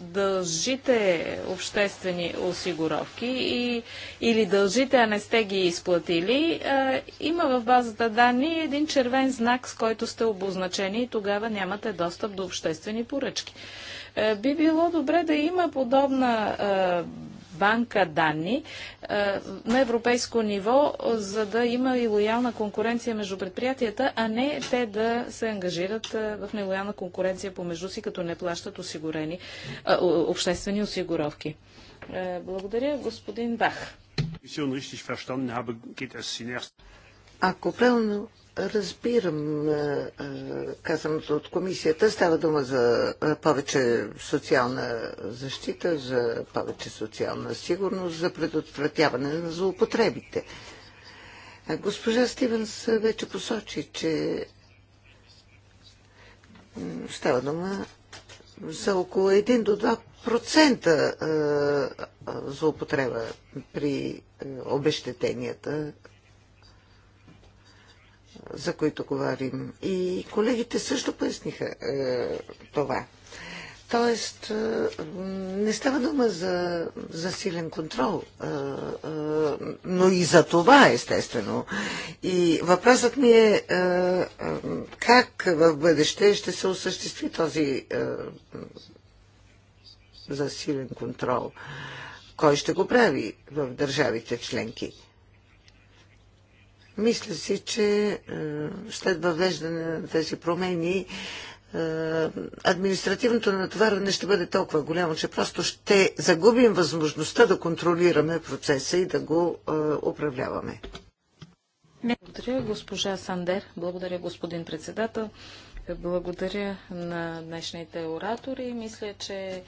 дължите обществени осигуровки и, или дължите, а не сте ги изплатили, има в базата данни един червен знак, с който сте обозначени и тогава нямате достъп до обществени поръчки. Би било добре да има подобна банка данни е, на европейско ниво, за да има и лоялна конкуренция между предприятията, а не те да се ангажират е, в нелоялна конкуренция помежду си, като не плащат осигурени, е, обществени осигуровки. Благодаря, господин Бах. Ако правилно Разбирам е, е, казаното от комисията. Става дума за е, повече социална защита, за повече социална сигурност, за предотвратяване на злоупотребите. Госпожа Стивенс вече посочи, че става дума за около 1 до 2 процента злоупотреба при обещетенията за които говорим. И колегите също поясниха е, това. Тоест, е, не става дума за силен контрол, е, но и за това, естествено. И въпросът ми е как в бъдеще ще се осъществи този засилен контрол? Кой ще го прави в държавите членки? Мисля си, че е, след въвеждане на тези промени е, административното натоварване ще бъде толкова голямо, че просто ще загубим възможността да контролираме процеса и да го е, управляваме. Благодаря, госпожа Сандер. Благодаря, господин председател. Благодаря на днешните оратори. Мисля, че е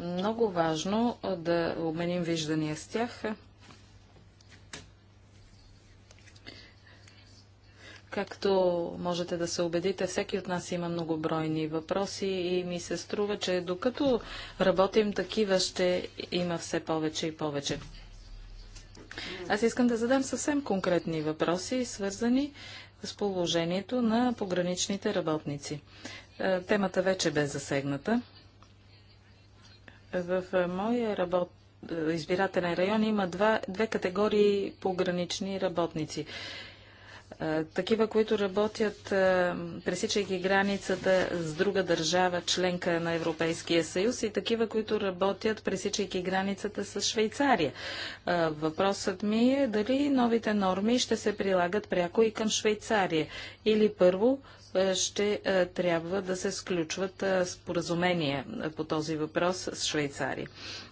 много важно да обменим виждания с тях. Както можете да се убедите, всеки от нас има многобройни въпроси и ми се струва, че докато работим такива, ще има все повече и повече. Аз искам да задам съвсем конкретни въпроси, свързани с положението на пограничните работници. Е, темата вече бе засегната. В моя работ... Е, избирателен район има два, две категории погранични работници такива, които работят, пресичайки границата с друга държава, членка на Европейския съюз и такива, които работят, пресичайки границата с Швейцария. Въпросът ми е дали новите норми ще се прилагат пряко и към Швейцария или първо е, ще е, трябва да се сключват е, споразумения по този въпрос с Швейцария.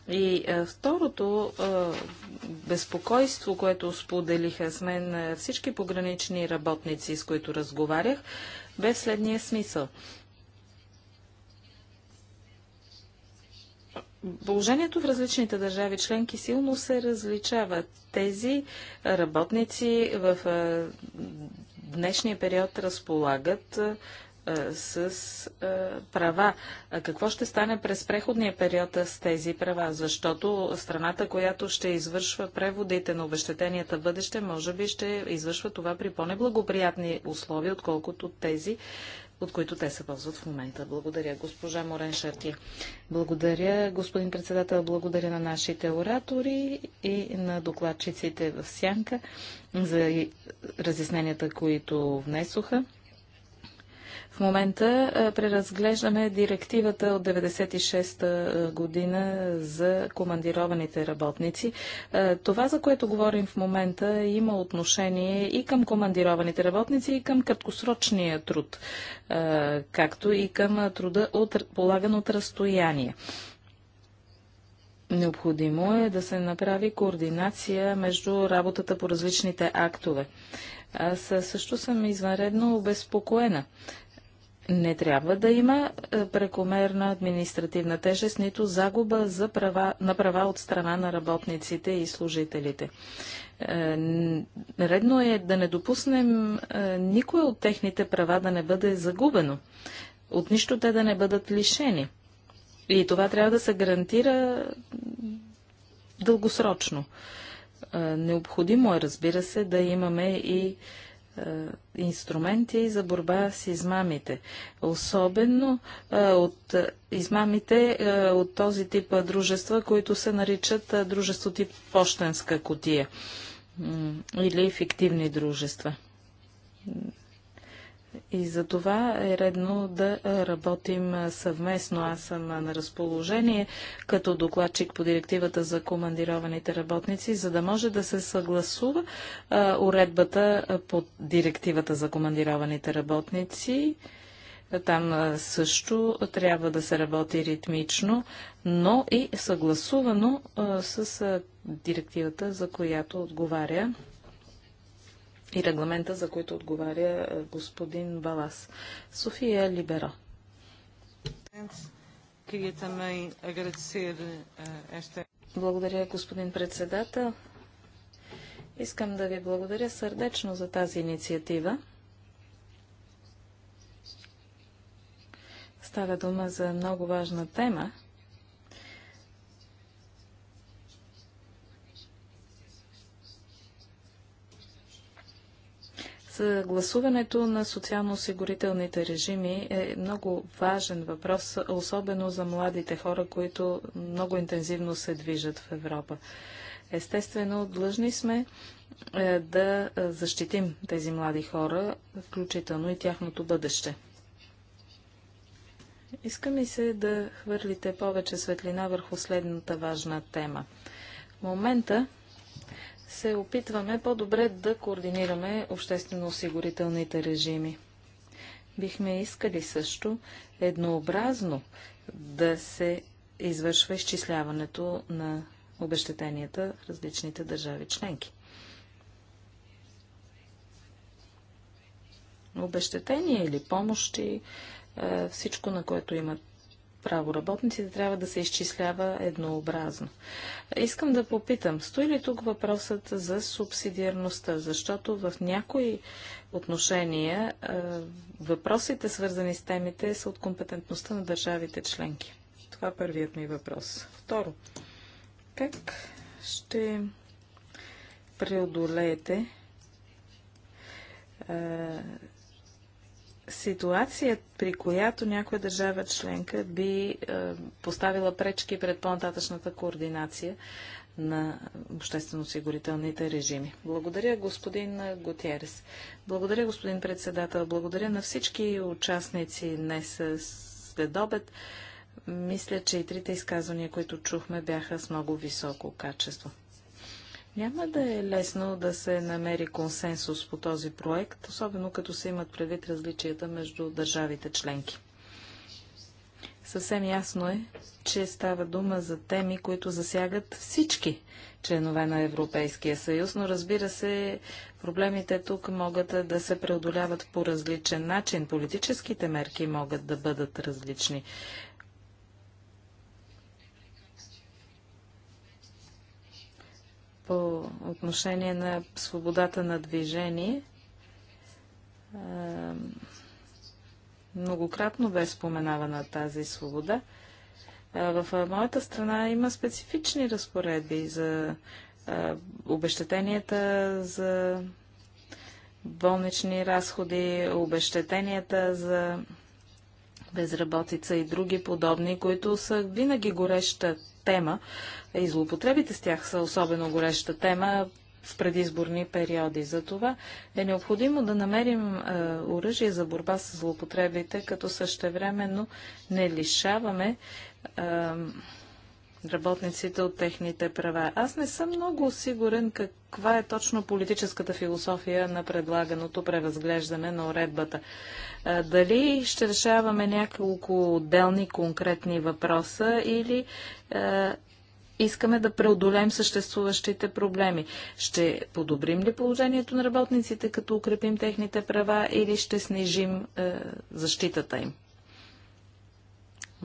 И второто безпокойство, което споделиха с мен всички погранични работници, с които разговарях, бе следния смисъл. Положението в различните държави членки силно се различава. Тези работници в днешния период разполагат с права. Какво ще стане през преходния период с тези права? Защото страната, която ще извършва преводите на обещетенията в бъдеще, може би ще извършва това при по-неблагоприятни условия, отколкото тези, от които те се ползват в момента. Благодаря, госпожа Морен Шартия. Благодаря, господин председател, благодаря на нашите оратори и на докладчиците в Сянка за разясненията, които внесоха. В момента е, преразглеждаме директивата от 96-та е, година за командированите работници. Е, това, за което говорим в момента, има отношение и към командированите работници, и към краткосрочния труд, както и към труда от, полаган от разстояние. Необходимо е да се направи координация между работата по различните актове. Аз също съм извънредно обезпокоена. Не трябва да има е, прекомерна административна тежест, нито загуба за права, на права от страна на работниците и служителите. Е, редно е да не допуснем е, никой от техните права да не бъде загубено, от нищо те да не бъдат лишени. И това трябва да се гарантира дългосрочно. Необходимо е, разбира се, да имаме и е, инструменти за борба с измамите. Особено а, е, от а, е, измамите а, от този тип дружества, които се наричат дружество тип почтенска котия или фиктивни дружества. И за това е редно да работим съвместно. Аз съм на разположение като докладчик по директивата за командированите работници, за да може да се съгласува а, уредбата по директивата за командированите работници. Там също трябва да се работи ритмично, но и съгласувано а, с директивата, за която отговаря и регламента, за който отговаря е, господин Балас. София Либера. Е, благодаря, господин председател. Искам да ви благодаря сърдечно за тази инициатива. Става дума за много важна тема – Съгласуването е, на социално-осигурителните режими е много важен въпрос, особено за младите хора, които много интензивно се движат в Европа. Естествено, длъжни сме е, да защитим тези млади хора, включително и тяхното бъдеще. Иска ми се да хвърлите повече светлина върху следната важна тема. В момента се опитваме по-добре да координираме обществено-осигурителните режими. Бихме искали също еднообразно да се извършва изчисляването на обещетенията в различните държави членки. Обещетения или помощи, е, всичко на което имат правоработниците трябва да се изчислява еднообразно. Искам да попитам, стои ли тук въпросът за субсидиарността, защото в някои отношения е, въпросите, свързани с темите, са от компетентността на държавите членки. Това е първият ми въпрос. Второ, как ще преодолеете е, ситуация, при която някоя държава членка би е, поставила пречки пред по-нататъчната координация на обществено-осигурителните режими. Благодаря, господин Готиерес. Благодаря, господин председател. Благодаря на всички участници днес след обед. Мисля, че и трите изказвания, които чухме, бяха с много високо качество. Няма да е лесно да се намери консенсус по този проект, особено като се имат предвид различията между държавите членки. Съвсем ясно е, че става дума за теми, които засягат всички членове на Европейския съюз, но разбира се, проблемите тук могат да се преодоляват по различен начин. Политическите мерки могат да бъдат различни. по отношение на свободата на движение. Многократно бе споменавана тази свобода. В моята страна има специфични разпоредби за обещетенията за болнични разходи, обещетенията за безработица и други подобни, които са винаги гореща тема е и злоупотребите с тях са особено гореща тема в предизборни периоди. За това е необходимо да намерим е, оръжие за борба с злоупотребите, като същевременно не лишаваме е, работниците от техните права. Аз не съм много сигурен каква е точно политическата философия на предлаганото превъзглеждане на уредбата. Дали ще решаваме няколко отделни конкретни въпроса или искаме да преодолеем съществуващите проблеми. Ще подобрим ли положението на работниците, като укрепим техните права или ще снижим е, защитата им?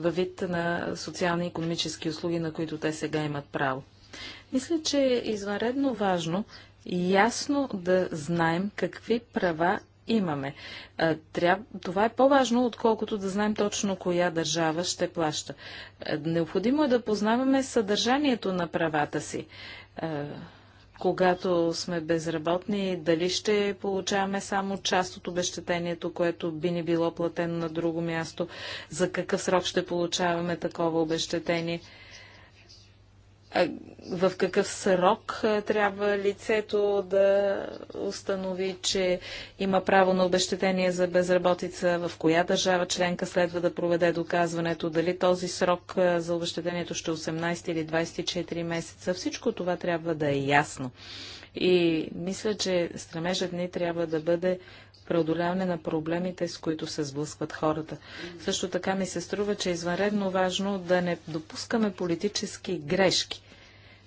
във вид на социални и економически услуги, на които те сега имат право. Мисля, че е извънредно важно ясно да знаем какви права имаме. Това е по-важно, отколкото да знаем точно коя държава ще плаща. Е, необходимо е да познаваме съдържанието на правата си. Е, когато сме безработни, дали ще получаваме само част от обещетението, което би ни било платено на друго място, за какъв срок ще получаваме такова обещетение в какъв срок трябва лицето да установи, че има право на обещетение за безработица, в коя държава членка следва да проведе доказването, дали този срок за обещетението ще е 18 или 24 месеца. Всичко това трябва да е ясно. И мисля, че стремежът ни трябва да бъде преодоляване на проблемите, с които се сблъскват хората. Също така ми се струва, че е извънредно важно да не допускаме политически грешки.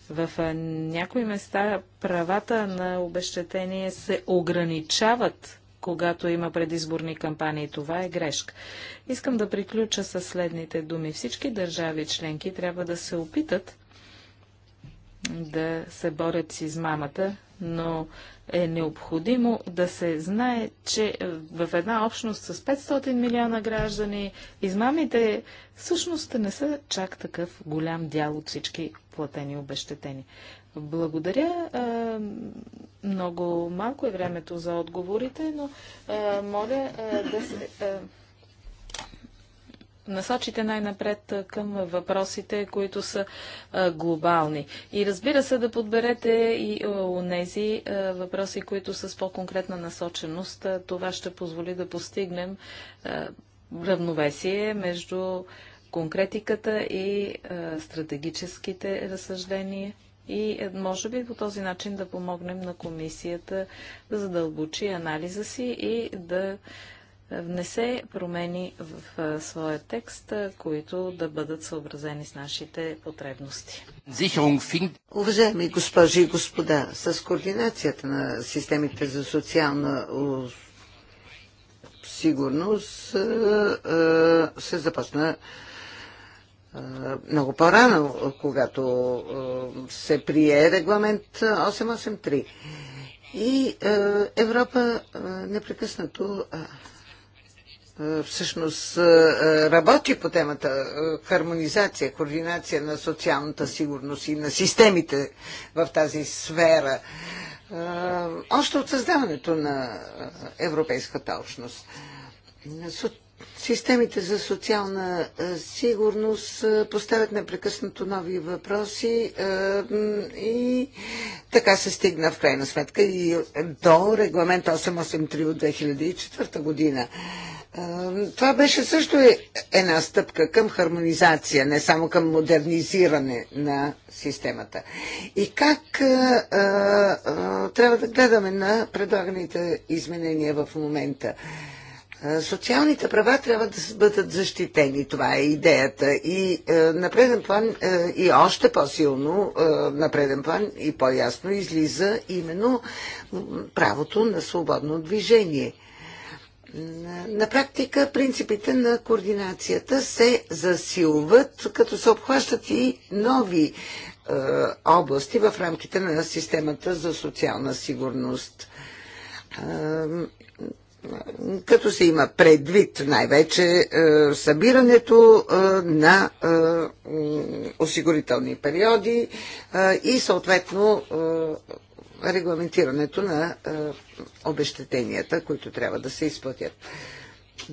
В някои места правата на обещетение се ограничават когато има предизборни кампании. Това е грешка. Искам да приключа с следните думи. Всички държави членки трябва да се опитат да се борят с измамата но е необходимо да се знае, че в една общност с 500 милиона граждани измамите всъщност не са чак такъв голям дял от всички платени обещетени. Благодаря. Много малко е времето за отговорите, но моля да се насочите най-напред към въпросите, които са глобални. И разбира се да подберете и у нези въпроси, които са с по-конкретна насоченост. това ще позволи да постигнем равновесие между конкретиката и стратегическите разсъждения. И е, може би по този начин да помогнем на комисията да задълбочи анализа си и да внесе промени в своя текст, които да бъдат съобразени с нашите потребности. Уважаеми госпожи и господа, с координацията на системите за социална сигурност се започна много по-рано, когато се прие регламент 883. И Европа непрекъснато всъщност работи по темата хармонизация, координация на социалната сигурност и на системите в тази сфера. Още от създаването на Европейската общност. Системите за социална сигурност поставят непрекъснато нови въпроси и така се стигна в крайна сметка и до регламент 883 от 2004 година. Това беше също е една стъпка към хармонизация, не само към модернизиране на системата. И как трябва да гледаме на предлаганите изменения в момента? Социалните права трябва да бъдат защитени. Това е идеята. И напреден на преден план, и още по-силно напреден на преден план и по-ясно излиза именно правото на свободно движение. На практика принципите на координацията се засилват, като се обхващат и нови е, области в рамките на системата за социална сигурност. Е, като се има предвид най-вече е, събирането е, на е, осигурителни периоди е, и съответно е, регламентирането на е, обещетенията, които трябва да се изплатят.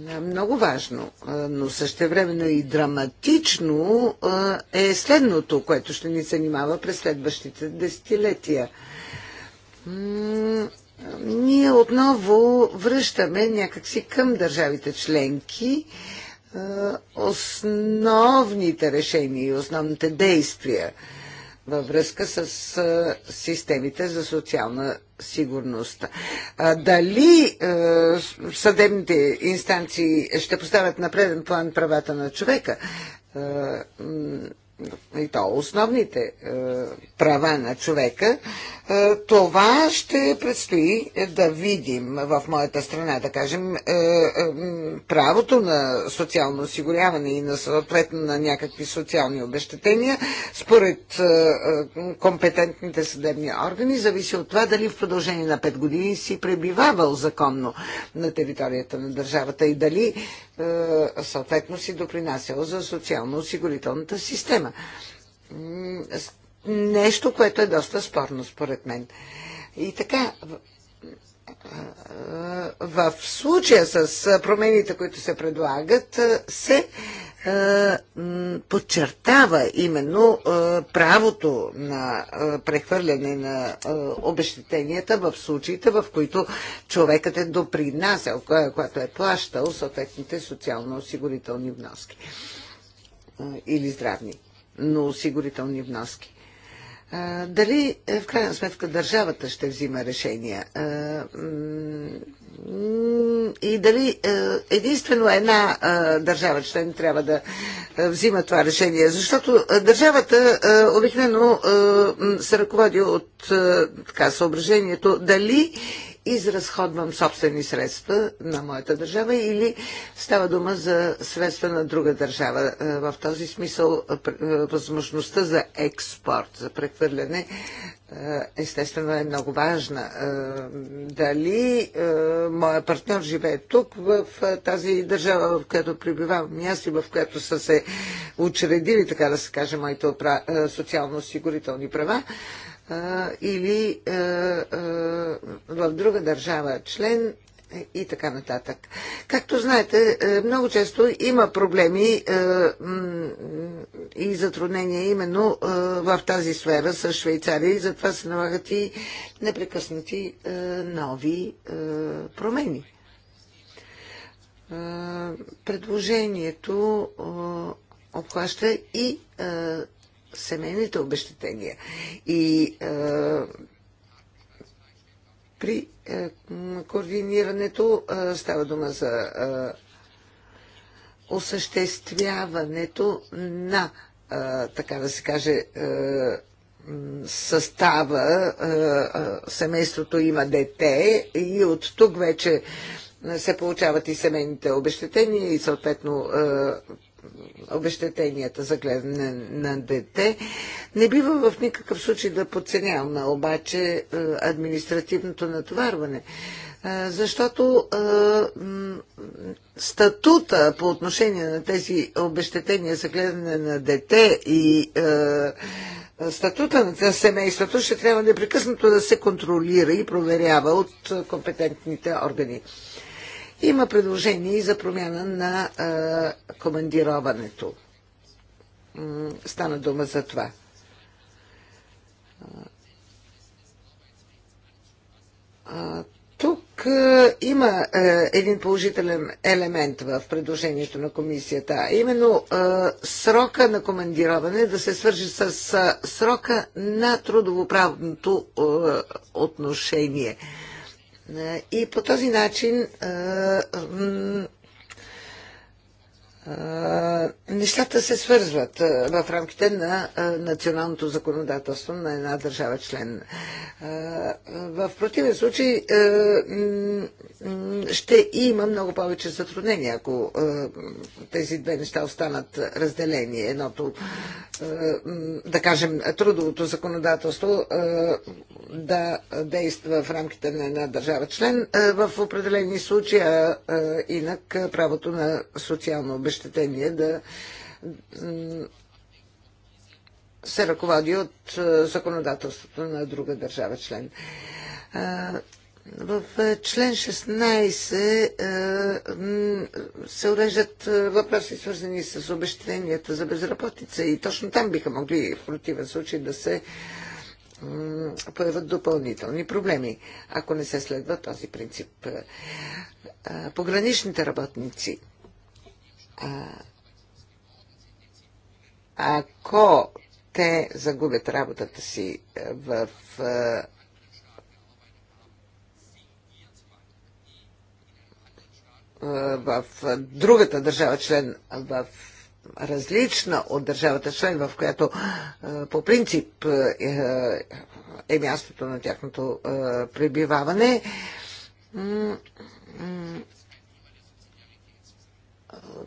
Е, много важно, е, но същевременно и драматично е следното, което ще ни занимава през следващите десетилетия. Ние отново връщаме някакси към държавите членки основните решения и основните действия във връзка с системите за социална сигурност. Дали съдебните инстанции ще поставят на преден план правата на човека? и то основните е, права на човека, е, това ще предстои да видим в моята страна, да кажем, е, е, правото на социално осигуряване и на съответно на някакви социални обещетения, според е, е, компетентните съдебни органи, зависи от това дали в продължение на 5 години си пребивавал законно на територията на държавата и дали е, съответно си допринасял за социално-осигурителната система. Нещо, което е доста спорно, според мен. И така, в случая с промените, които се предлагат, се подчертава именно правото на прехвърляне на обещетенията в случаите, в които човекът е допринасял, когато е плащал съответните социално-осигурителни вноски или здравни но осигурителни вноски. Дали е, в крайна сметка държавата ще взима решения? и дали е, единствено една е, държава член трябва да е, взима това решение. Защото държавата обикновено се ръководи от така, съображението дали изразходвам собствени средства на моята държава или става дума за средства на друга държава. В този смисъл възможността за експорт, за прехвърляне е, естествено е много важна. Е, дали е, моя партньор живее тук, в тази държава, в която пребивавам, място, в която са се учредили, така да се каже, моите социално-осигурителни права, или в друга държава член, и така нататък. Както знаете, е, много често има проблеми е, и затруднения именно е, в тази сфера с Швейцария и затова се налагат и непрекъснати нови промени. Предложението обхваща и семейните обещетения. И при е, координирането, е, става дума за е, осъществяването на, така да се каже, състава, семейството има дете и от тук вече се получават и семейните обещетения и съответно обещетенията за гледане на дете. Не бива в никакъв случай да подценяваме обаче е, административното натоварване, е, защото е, статута по отношение на тези обещетения за гледане на дете и статута на семейството ще трябва непрекъснато да се контролира и проверява от компетентните органи. Има предложение и за промяна на а, командироването. Стана дума за това. А, тук а, има а, един положителен елемент в предложението на комисията, а именно а, срока на командироване да се свържи с а, срока на трудовоправното а, отношение. А, и по този начин нещата се свързват в рамките на националното законодателство на една държава член. В противен случай ще има много повече затруднения, ако тези две неща останат разделени. Едното, да кажем, трудовото законодателство да действа в рамките на една държава член в определени случаи, а инак правото на социално обещание обещетение да се ръководи от законодателството на друга държава член. В член 16 се уреждат въпроси, свързани с обещатенията за безработица и точно там биха могли в противен случай да се появят допълнителни проблеми, ако не се следва този принцип. Пограничните работници – ако те загубят работата си е, в е, е, в другата държава член, в различна от държавата член, в която по принцип е мястото на тяхното пребиваване,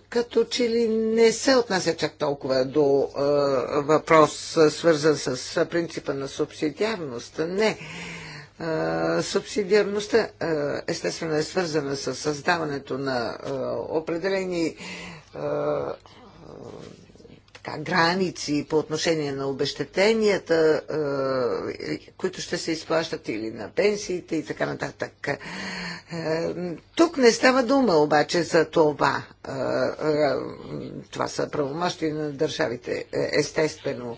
като че ли не се отнася чак толкова до а, въпрос, свързан с принципа на субсидиарността. Не. субсидиарността естествено е свързана с създаването на а, определени така, граници по отношение на обещетенията, е, които ще се изплащат или на пенсиите и така нататък. Е, тук не става дума обаче за това. Е, това са правомощи на държавите, естествено.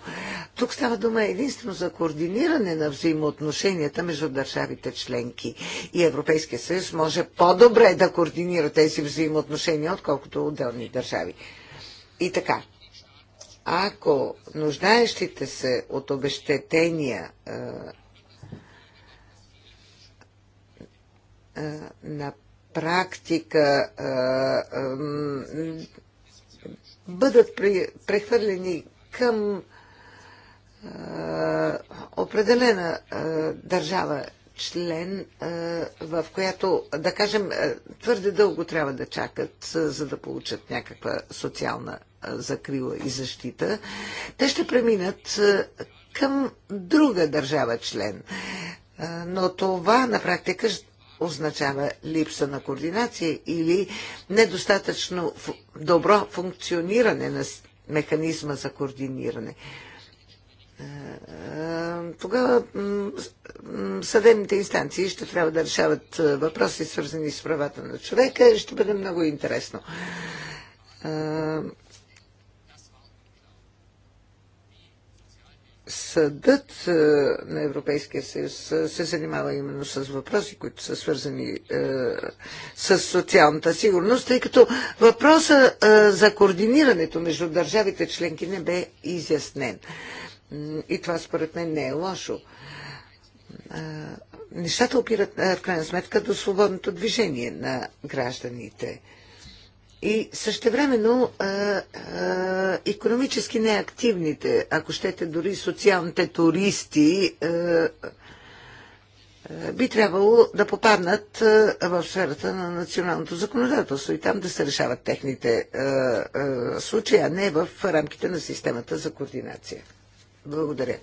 Тук става дума единствено за координиране на взаимоотношенията между държавите членки. И Европейския съюз може по-добре да координира тези взаимоотношения, отколкото отделни държави. И така, ако нуждаещите се от обещетения на практика бъдат прехвърлени към определена държава член, в която, да кажем, твърде дълго трябва да чакат, за да получат някаква социална закрила и защита, те ще преминат към друга държава член. Но това на практика означава липса на координация или недостатъчно добро функциониране на механизма за координиране. Тогава съдебните инстанции ще трябва да решават въпроси, свързани с правата на човека. Ще бъде много интересно. съдът е, на Европейския съюз е, се занимава именно с въпроси, които са свързани е, с социалната сигурност, тъй като въпроса е, за координирането между държавите членки не бе изяснен. И това според мен не е лошо. Е, нещата опират е, в крайна сметка до свободното движение на гражданите и същевременно а, а, економически неактивните, ако щете дори социалните туристи, а, а, би трябвало да попаднат а, в сферата на националното законодателство и там да се решават техните а, а, случаи, а не в рамките на системата за координация. Благодаря.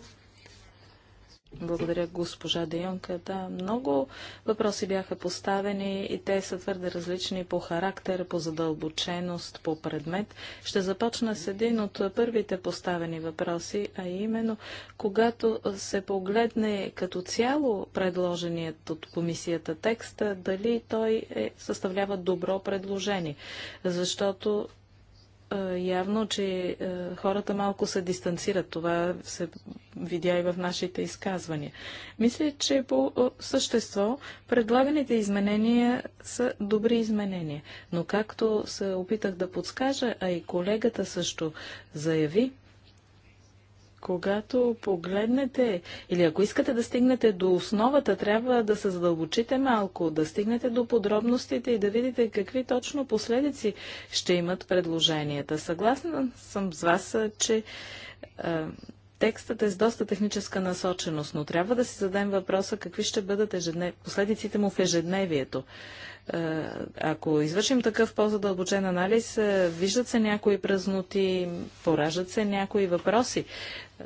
Благодаря, госпожа Дионка. Да, много въпроси бяха поставени и те са твърде различни по характер, по задълбоченост, по предмет. Ще започна с един от първите поставени въпроси, а именно, когато се погледне като цяло предложеният от комисията текст, дали той е, съставлява добро предложение. Защото е, явно, че е, хората малко се дистанцират. Това се видя и в нашите изказвания. Мисля, че по същество предлаганите изменения са добри изменения. Но както се опитах да подскажа, а и колегата също заяви, когато погледнете или ако искате да стигнете до основата, трябва да се задълбочите малко, да стигнете до подробностите и да видите какви точно последици ще имат предложенията. Съгласна съм с вас, че Текстът е с доста техническа насоченост, но трябва да си зададем въпроса какви ще бъдат ежеднев... последиците му в ежедневието. Е, ако извършим такъв по-задълбочен анализ, е, виждат се някои празноти, поражат се някои въпроси.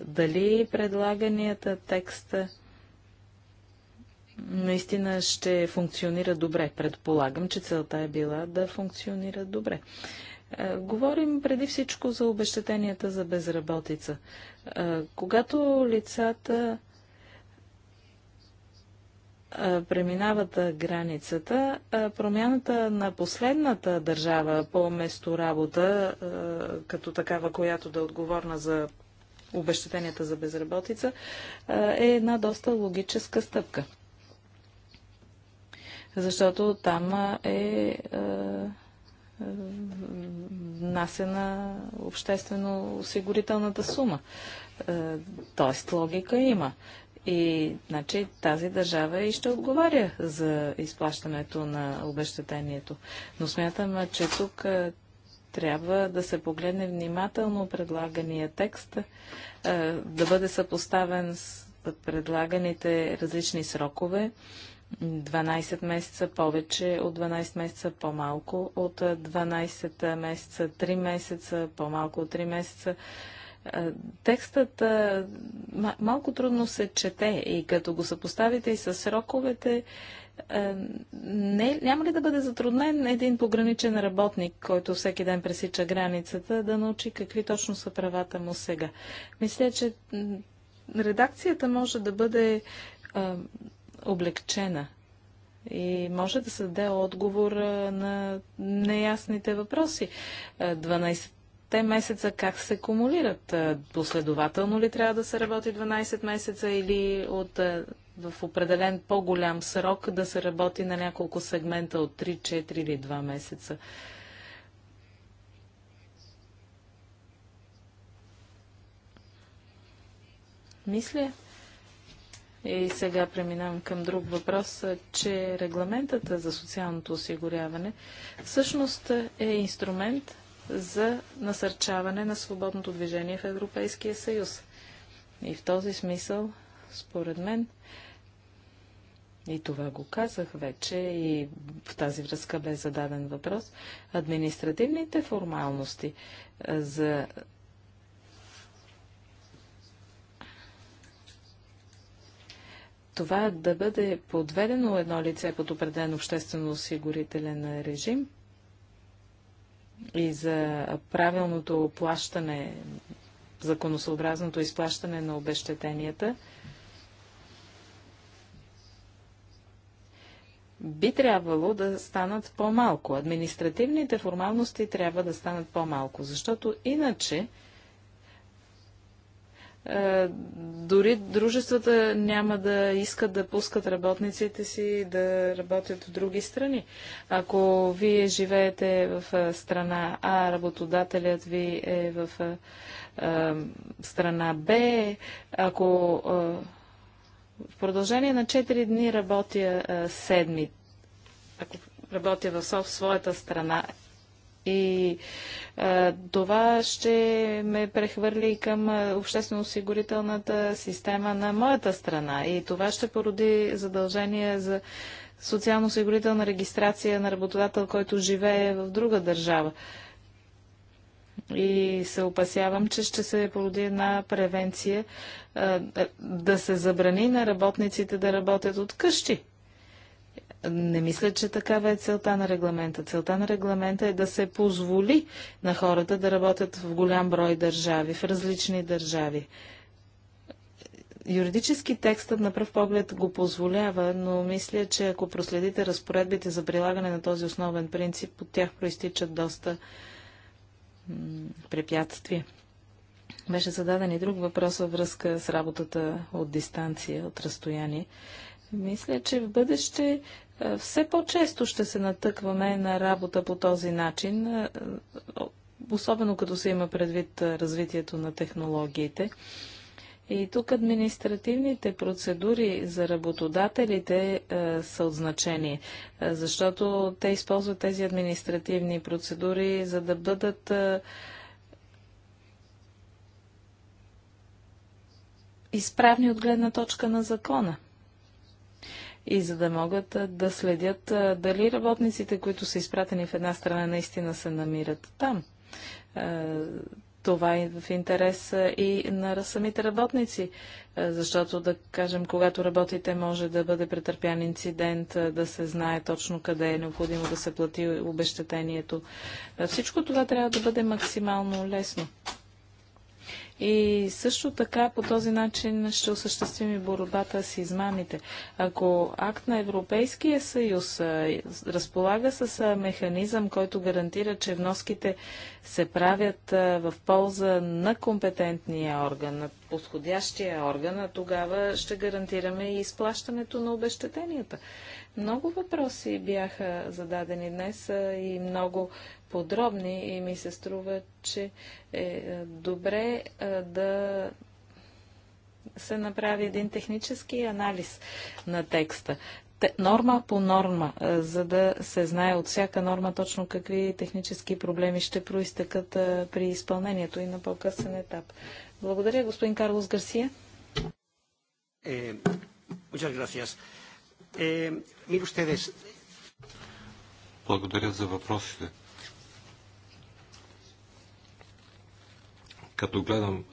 Дали предлаганият текст наистина ще функционира добре? Предполагам, че целта е била да функционира добре. Е, говорим преди всичко за обещетенията за безработица. Е, когато лицата е, преминават границата, промяната на последната държава по место работа, като такава, която да е отговорна за обещетенията за безработица, е една доста логическа стъпка. Защото там е, е внасена обществено осигурителната сума. Е, тоест логика има. И значи, тази държава и ще отговаря за изплащането на обещетението. Но смятам, че тук е, трябва да се погледне внимателно предлагания текст, е, да бъде съпоставен с предлаганите различни срокове 12 месеца повече от 12 месеца, по-малко от 12 месеца, 3 месеца, по-малко от 3 месеца. Текстът малко трудно се чете и като го съпоставите и с сроковете, не, няма ли да бъде затруднен един пограничен работник, който всеки ден пресича границата, да научи какви точно са правата му сега? Мисля, че редакцията може да бъде облегчена и може да се даде отговор на неясните въпроси. 12 те месеца как се кумулират? Последователно ли трябва да се работи 12 месеца или от, в определен по-голям срок да се работи на няколко сегмента от 3, 4 или 2 месеца? Мисля, и сега преминавам към друг въпрос, че регламентата за социалното осигуряване всъщност е инструмент за насърчаване на свободното движение в Европейския съюз. И в този смисъл, според мен, и това го казах вече и в тази връзка бе зададен въпрос, административните формалности за това да бъде подведено едно лице под определен обществено-осигурителен режим и за правилното оплащане, законосъобразното изплащане на обещетенията, би трябвало да станат по-малко. Административните формалности трябва да станат по-малко, защото иначе е, дори дружествата няма да искат да пускат работниците си да работят в други страни. Ако вие живеете в е, страна А, работодателят ви е в е, страна Б, ако в продължение на 4 дни работя седми, ако работя в своята страна и а, това ще ме прехвърли към обществено-осигурителната система на моята страна. И това ще породи задължение за социално-осигурителна регистрация на работодател, който живее в друга държава. И се опасявам, че ще се породи една превенция а, да се забрани на работниците да работят от къщи не мисля, че такава е целта на регламента. Целта на регламента е да се позволи на хората да работят в голям брой държави, в различни държави. Юридически текстът на пръв поглед го позволява, но мисля, че ако проследите разпоредбите за прилагане на този основен принцип, от тях проистичат доста препятствия. Беше зададен и друг въпрос във връзка с работата от дистанция, от разстояние. Мисля, че в бъдеще е, все по-често ще се натъкваме на работа по този начин, е, е, особено като се има предвид развитието на технологиите. И тук административните процедури за работодателите е, са от значение, защото те използват тези административни процедури, за да бъдат е, изправни от гледна точка на закона и за да могат да следят дали работниците, които са изпратени в една страна, наистина се намират там. Това е в интерес и на самите работници, защото, да кажем, когато работите, може да бъде претърпян инцидент, да се знае точно къде е необходимо да се плати обещетението. Всичко това трябва да бъде максимално лесно. И също така по този начин ще осъществим и борбата с измамите. Ако акт на Европейския съюз разполага с механизъм, който гарантира, че вноските се правят в полза на компетентния орган, на подходящия орган, тогава ще гарантираме и изплащането на обещетенията. Много въпроси бяха зададени днес и много подробни и ми се струва, че е, е добре да се направи един технически анализ на текста. Норма по норма, за да се знае от всяка норма точно какви технически проблеми ще проистъкат при изпълнението и на по-късен етап. Благодаря, господин Карлос Гарсия. Eh, muchas gracias. Е, мир ustedes. Благодаря за въпросите. Като гледам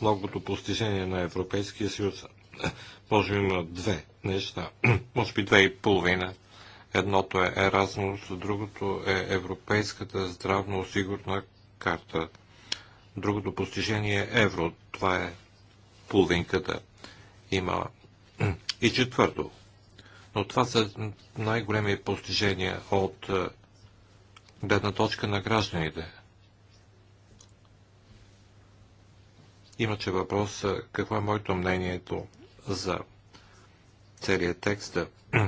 многото постижение на Европейския съюз, може би има две неща, може би две и половина. Едното е Еразмус, другото е Европейската здравно-сигурна карта. Другото постижение е Евро. Това е половинката. Има и четвърто но това са най-големи постижения от е, гледна точка на гражданите. Имаче въпрос е, какво е моето мнението за целият текст.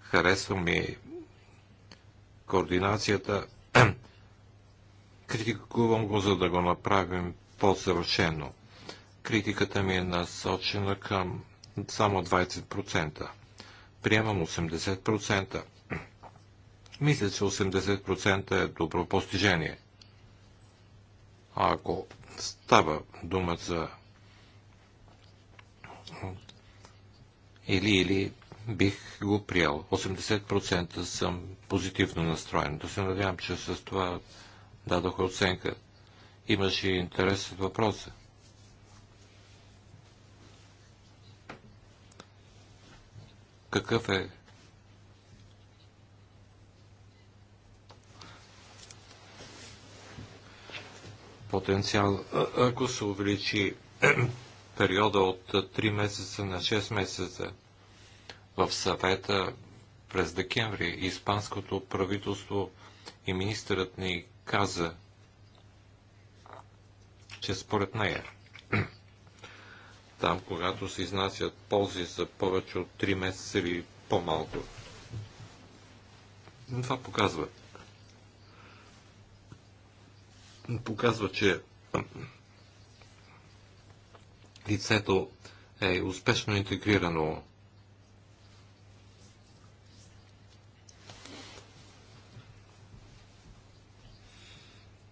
Харесва ми координацията. Критикувам го, за да го направим по-съвършено. Критиката ми е насочена към само 20% приемам 80%. Мисля, че 80% е добро постижение. А ако става дума за или, или бих го приел. 80% съм позитивно настроен. Да се надявам, че с това дадох оценка. Имаше и интересен въпрос. какъв е потенциал, ако се увеличи периода от 3 месеца на 6 месеца. В съвета през декември испанското правителство и министърът ни каза, че според нея там, когато се изнасят ползи за повече от 3 месеца или по-малко. Това показва. Показва, че лицето е успешно интегрирано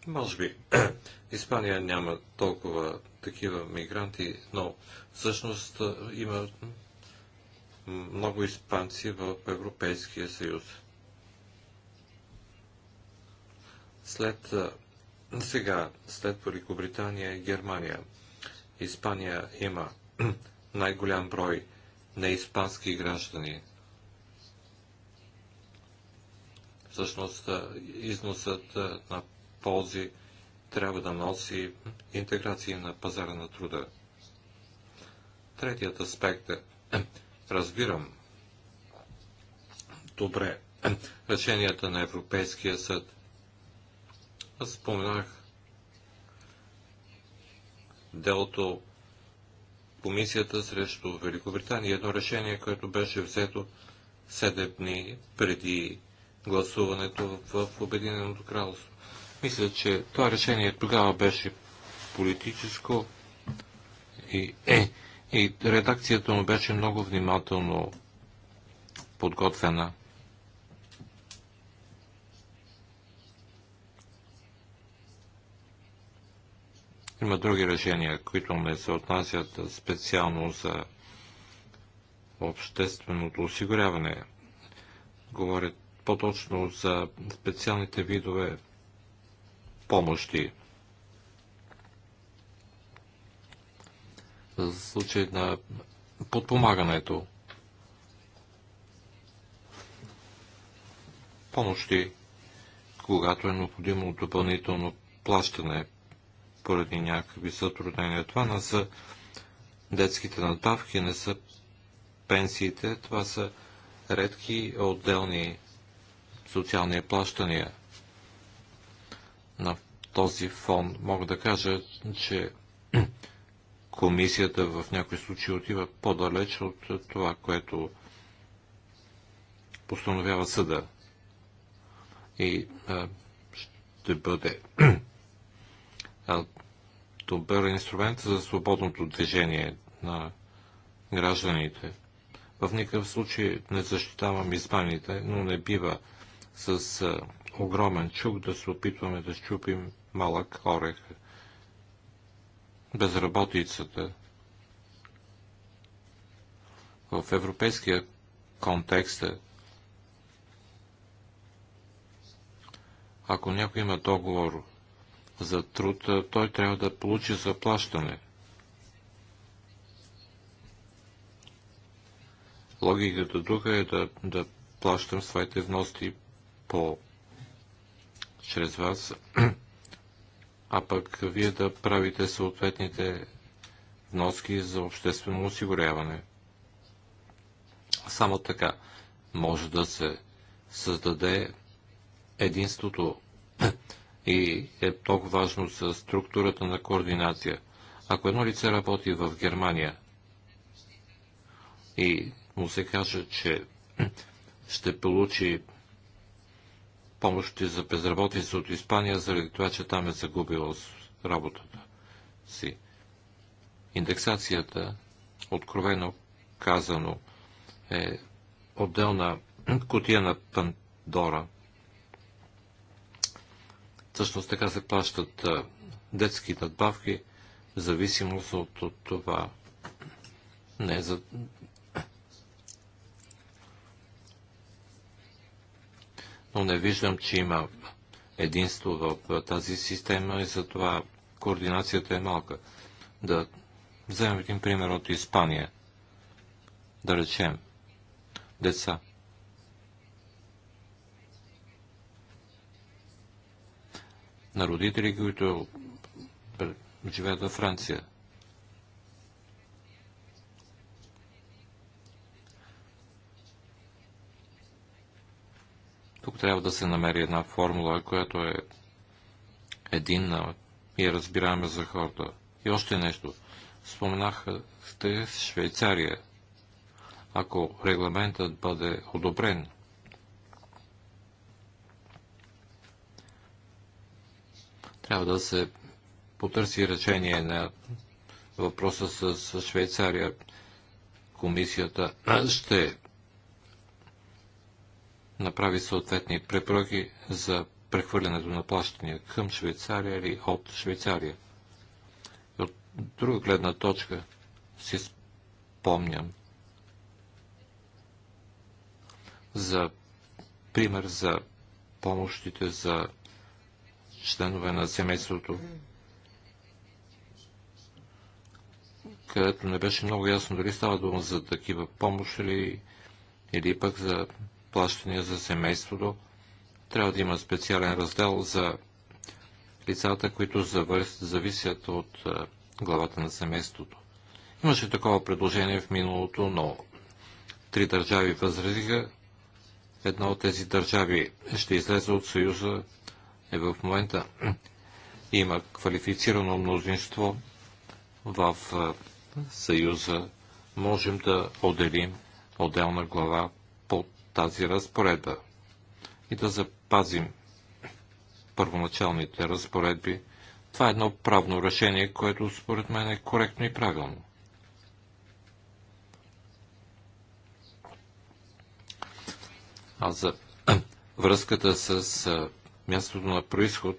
Може би Испания няма толкова такива мигранти, но всъщност има много испанци в Европейския съюз. След сега, след Великобритания и Германия, Испания има най-голям брой на испански граждани. Всъщност износът на ползи трябва да носи интеграция на пазара на труда. Третият аспект е, разбирам добре решенията на Европейския съд. Аз споменах делото Комисията срещу Великобритания. Едно решение, което беше взето 7 дни преди гласуването в Обединеното кралство. Мисля, че това решение тогава беше политическо и е. И редакцията му беше много внимателно подготвена. Има други решения, които не се отнасят специално за общественото осигуряване. Говорят по-точно за специалните видове помощи. За случай на подпомагането. Помощи, когато е необходимо допълнително плащане поради някакви сътруднения. Това не са детските надбавки, не са пенсиите, това са редки отделни социални плащания на този фон. Мога да кажа, че комисията в някои случаи отива по-далеч от това, което постановява съда. И а, ще бъде а, добър инструмент за свободното движение на гражданите. В никакъв случай не защитавам избаните, но не бива с а, огромен чук, да се опитваме да щупим малък орех. Безработицата в европейския контекст е ако някой има договор за труд, е, той трябва да получи заплащане. Логиката тук е да, да плащам своите вности по чрез вас, а пък вие да правите съответните вноски за обществено осигуряване. Само така може да се създаде единството и е много важно за структурата на координация. Ако едно лице работи в Германия и му се каже, че ще получи помощи за безработица от Испания, заради това, че там е загубила работата си. Индексацията, откровено казано, е отделна котия на Пандора. Всъщност така се плащат детски надбавки, в зависимост от, от това не за но не виждам, че има единство в тази система и затова координацията е малка. Да вземем един пример от Испания. Да речем, деца. На родители, които живеят във Франция. Тук трябва да се намери една формула, която е единна и разбираме за хората. И още нещо. Споменахте Швейцария. Ако регламентът бъде одобрен, трябва да се потърси решение на въпроса с Швейцария. Комисията ще направи съответни препроги за прехвърлянето на плащания към Швейцария или от Швейцария. От друга гледна точка си спомням за пример за помощите за членове на семейството, където не беше много ясно дали става дума за такива помощи или, или пък за плащания за семейството. Трябва да има специален раздел за лицата, които зависят от главата на семейството. Имаше такова предложение в миналото, но три държави възразиха. Една от тези държави ще излезе от Съюза е в момента. Има квалифицирано мнозинство в Съюза. Можем да отделим отделна глава тази разпоредба и да запазим първоначалните разпоредби. Това е едно правно решение, което според мен е коректно и правилно. А за връзката с мястото на происход,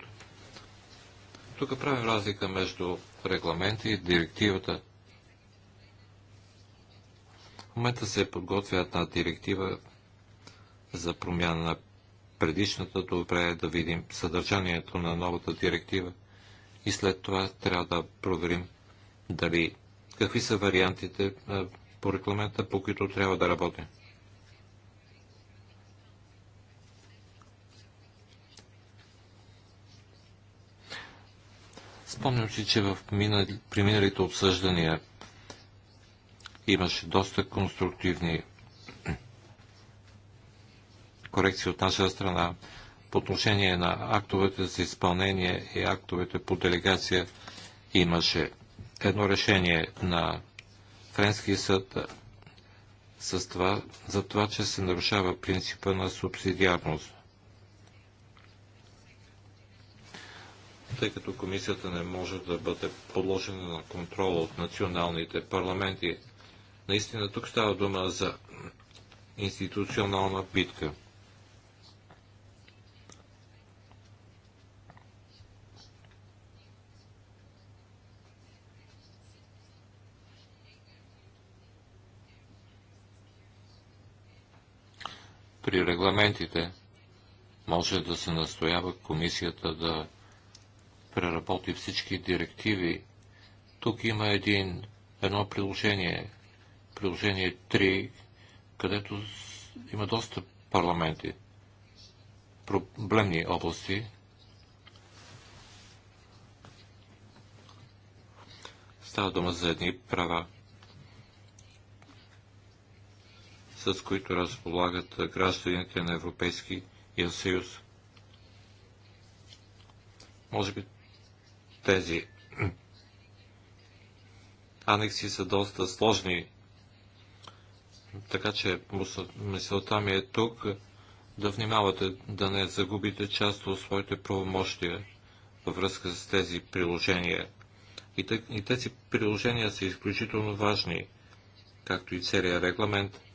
тук правим разлика между регламента и директивата. В момента се подготвя една директива за промяна на предишната, добре е да видим съдържанието на новата директива и след това трябва да проверим дали какви са вариантите по регламента, по които трябва да работим. Спомням си, че в минали, при миналите обсъждания имаше доста конструктивни корекции от наша страна по отношение на актовете за изпълнение и актовете по делегация имаше едно решение на Френския съд с това, за това, че се нарушава принципа на субсидиарност. Тъй като комисията не може да бъде подложена на контрол от националните парламенти, наистина тук става дума за институционална битка – при регламентите може да се настоява комисията да преработи всички директиви. Тук има един, едно приложение, приложение 3, където има доста парламенти, проблемни области. Става дума за едни права, с които разполагат гражданите на Европейския съюз. Може би тези анекси са доста сложни, така че мисълта ми е тук да внимавате да не загубите част от своите правомощия във връзка с тези приложения. и тези приложения са изключително важни, както и целият регламент –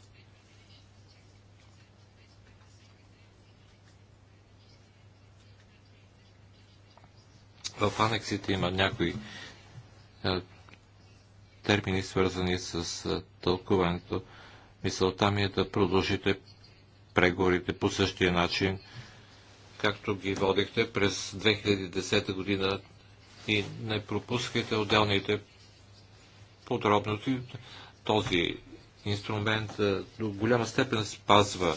В анексите има някои е, термини, свързани с е, тълкуването. Мисълта ми е да продължите преговорите по същия начин, както ги водихте през 2010 година и не пропускайте отделните подробности. Този инструмент е, до голяма степен спазва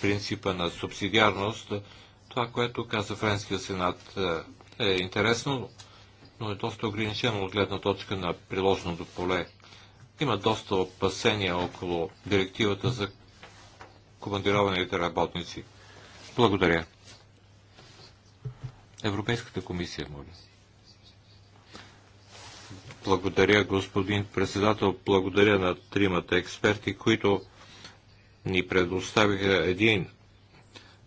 принципа на субсидиарност. Това, което каза Френския сенат е, е интересно, но е доста ограничено от гледна точка на приложеното поле. Има доста опасения около директивата за командированите работници. Благодаря. Европейската комисия, моля. Благодаря, господин председател. Благодаря на тримата експерти, които ни предоставиха един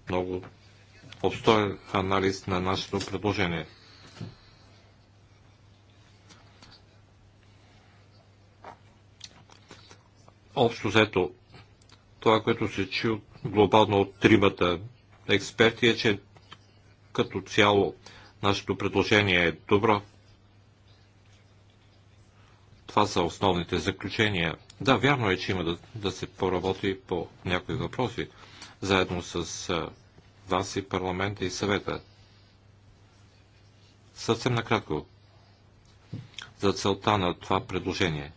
много обстоен анализ на нашето предложение. Общо взето, това, което се чу глобално от тримата експерти е, че като цяло нашето предложение е добро. Това са основните заключения. Да, вярно е, че има да, да се поработи по някои въпроси, заедно с вас и парламента и съвета. Съвсем накратко за целта на това предложение.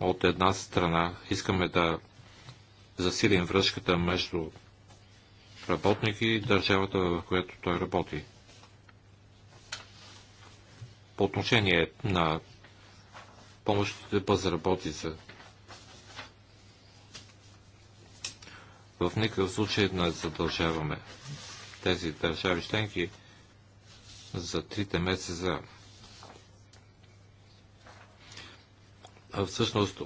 От една страна искаме да засилим връзката между работник и държавата, в която той работи. По отношение на помощите безработица, В никакъв случай не задължаваме тези държави членки за трите месеца. А всъщност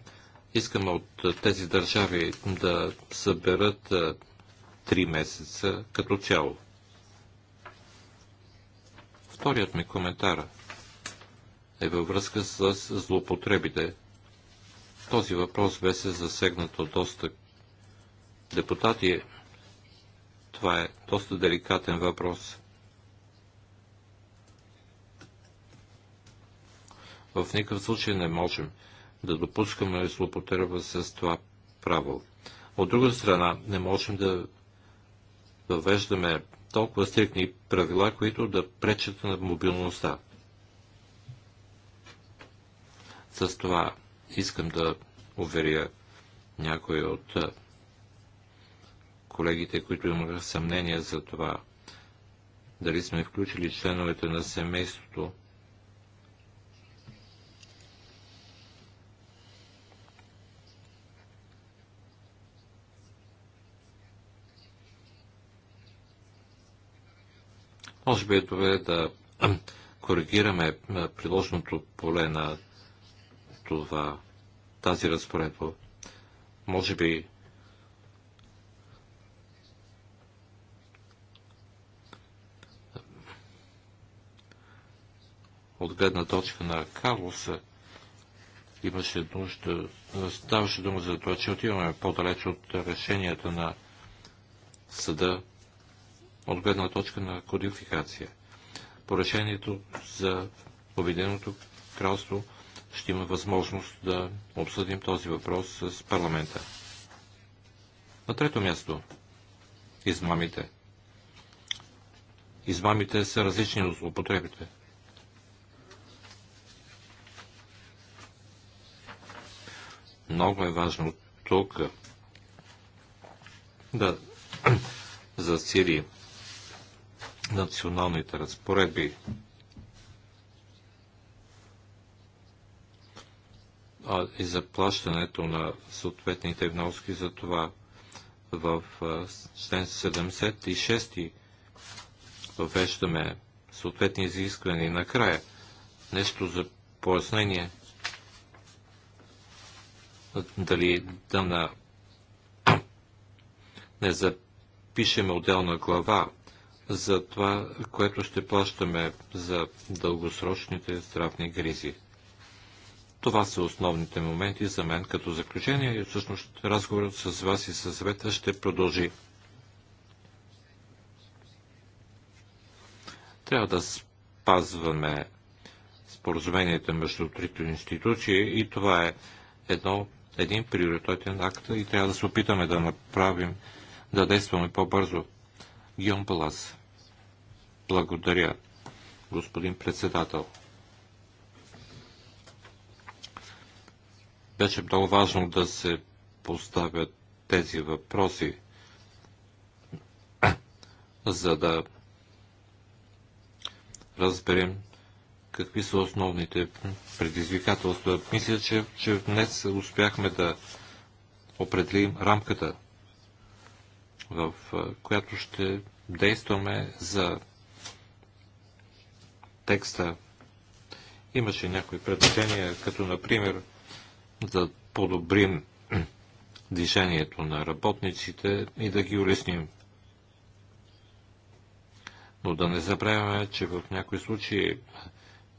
искаме от тези държави да съберат три месеца като цяло. Вторият ми коментар е във връзка с злоупотребите. Този въпрос бе се засегнато доста депутати, това е доста деликатен въпрос. В никакъв случай не можем да допускаме злопотреба с това право. От друга страна, не можем да въвеждаме толкова стрикни правила, които да пречат на мобилността. С това искам да уверя някои от колегите, които имаха съмнения за това, дали сме включили членовете на семейството. Може би е това да коригираме приложното поле на това, тази разпоредба. Може би от гледна точка на Карлоса имаше нужда, ставаше дума за това, че отиваме по-далеч от решенията на съда от гледна точка на кодификация. По решението за Обединеното кралство ще има възможност да обсъдим този въпрос с парламента. На трето място измамите. Измамите са различни от злоупотребите. Много е важно тук да засили националните разпоредби. А и заплащането на съответните вноски за това в член 76 въвеждаме съответни изисквания. Накрая нещо за пояснение – дали да на... не запишем отделна глава за това, което ще плащаме за дългосрочните здравни гризи. Това са основните моменти за мен като заключение и всъщност разговорът с вас и с света ще продължи. Трябва да спазваме споразумението между трите институции и това е едно един приоритетен акт и трябва да се опитаме да направим, да действаме по-бързо. Гион Палас. Благодаря, господин председател. Беше много важно да се поставят тези въпроси, за да разберем какви са основните предизвикателства. Мисля, че, че днес успяхме да определим рамката, в която ще действаме за текста. Имаше някои предложения, като например да подобрим движението на работниците и да ги улесним. Но да не забравяме, че в някои случаи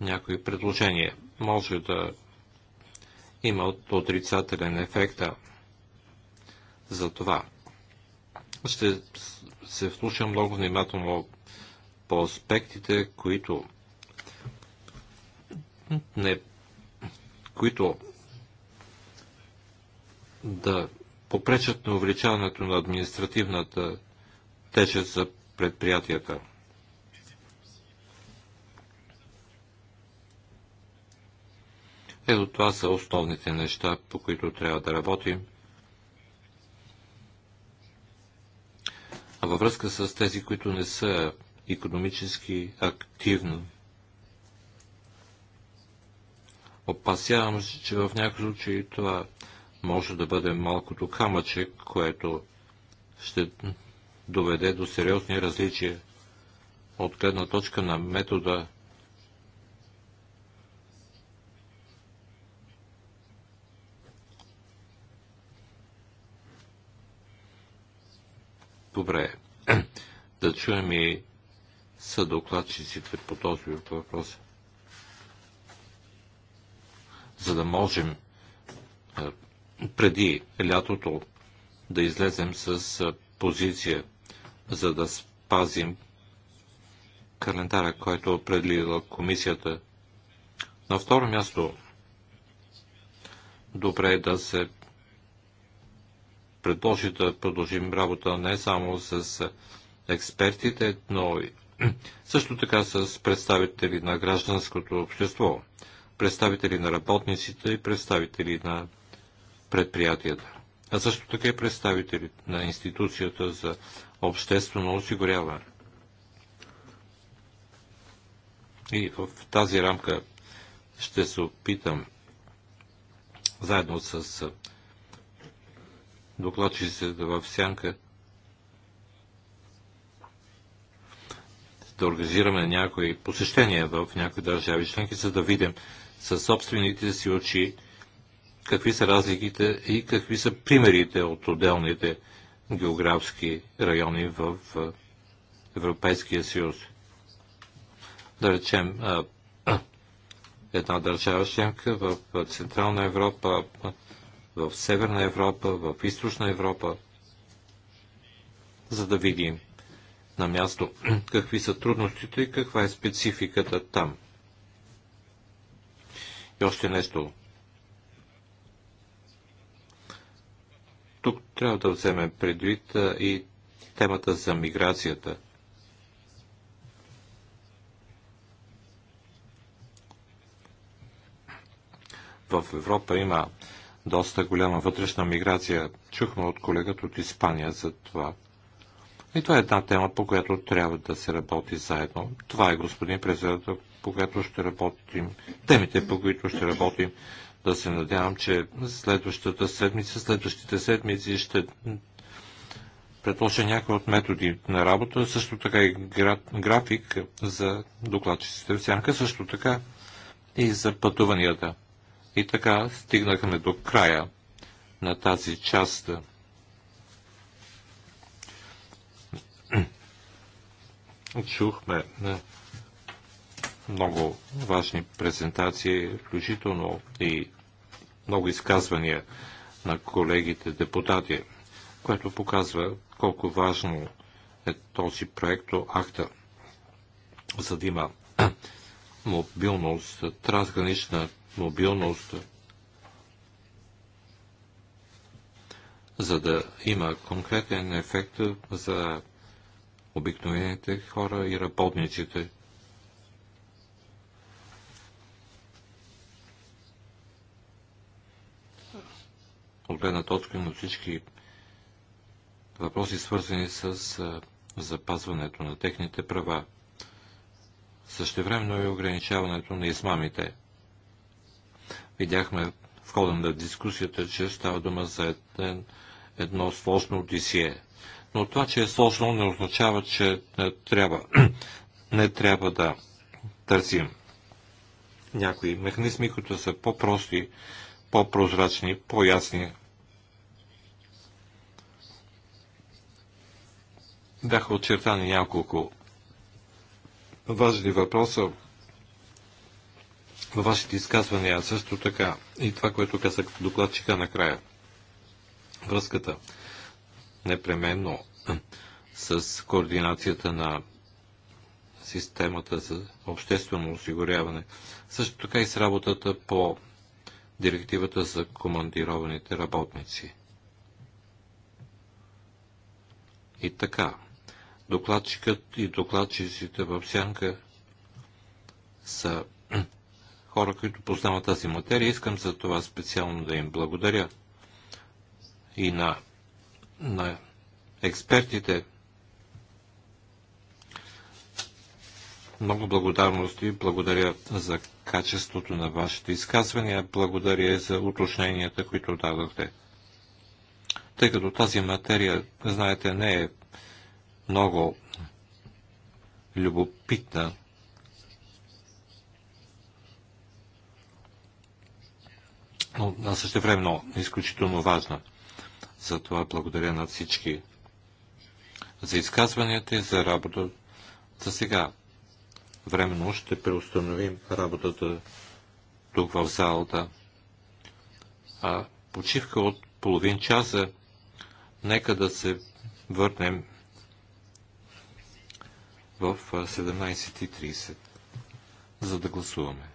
някои предложения. Може да има отрицателен ефект за това. ще се вслушам много внимателно по аспектите, които не, които да попречат на увеличаването на административната тежест за предприятията. Ето това са основните неща, по които трябва да работим. А във връзка с тези, които не са економически активно, опасявам се, че в някакъв случай това може да бъде малкото камъче, което ще доведе до сериозни различия от гледна точка на метода Добре, да чуем и съдокладчиците по този въпрос, за да можем преди лятото да излезем с позиция, за да спазим календара, който е определила комисията. На второ място, добре е да се предложи да продължим работа не само с експертите, но и също така с представители на гражданското общество, представители на работниците и представители на предприятията, а също така и представители на институцията за обществено осигуряване. И в тази рамка ще се опитам заедно с докладчиците в сянка да организираме някои посещения в някои държави членки, за да видим със собствените си очи какви са разликите и какви са примерите от отделните географски райони в Европейския съюз. Да речем, една държава членка в Централна Европа в Северна Европа, в Източна Европа, за да видим на място какви са трудностите и каква е спецификата там. И още нещо. Тук трябва да вземем предвид и темата за миграцията. В Европа има доста голяма вътрешна миграция. Чухме от колегата от Испания за това. И това е една тема, по която трябва да се работи заедно. Това е, господин председател, по която ще работим. Темите, по които ще работим, да се надявам, че следващата седмица, следващите седмици ще предложа някои от методи на работа, също така и график за докладчиците в сянка, също така и за пътуванията. И така стигнахме до края на тази част. Чухме е, много важни презентации, включително и много изказвания на колегите депутати, което показва колко важно е този проект акта, за да има мобилност, трансгранична мобилност, за да има конкретен ефект за обикновените хора и работниците. От гледна точка на всички въпроси, свързани с запазването на техните права. Същевременно и е ограничаването на измамите. Видяхме в хода на дискусията, че става дума за едно сложно одисие. Но това, че е сложно, не означава, че не трябва, не трябва да търсим някои механизми, които са по-прости, по-прозрачни, по-ясни. Бяха очертани няколко важни въпроса, във вашите изказвания, също така и това, което казах в докладчика накрая. Връзката непременно с координацията на системата за обществено осигуряване. Също така и с работата по директивата за командированите работници. И така, докладчикът и докладчиците в сянка са хора, които познават тази материя. Искам за това специално да им благодаря и на, на експертите. Много благодарности. Благодаря за качеството на вашите изказвания. Благодаря за уточненията, които дадохте. Тъй като тази материя, знаете, не е много любопитна, но на време изключително важна. Затова благодаря на всички за изказванията и за работа. За сега временно ще преустановим работата тук в залата. А почивка от половин часа, нека да се върнем в 17.30, за да гласуваме.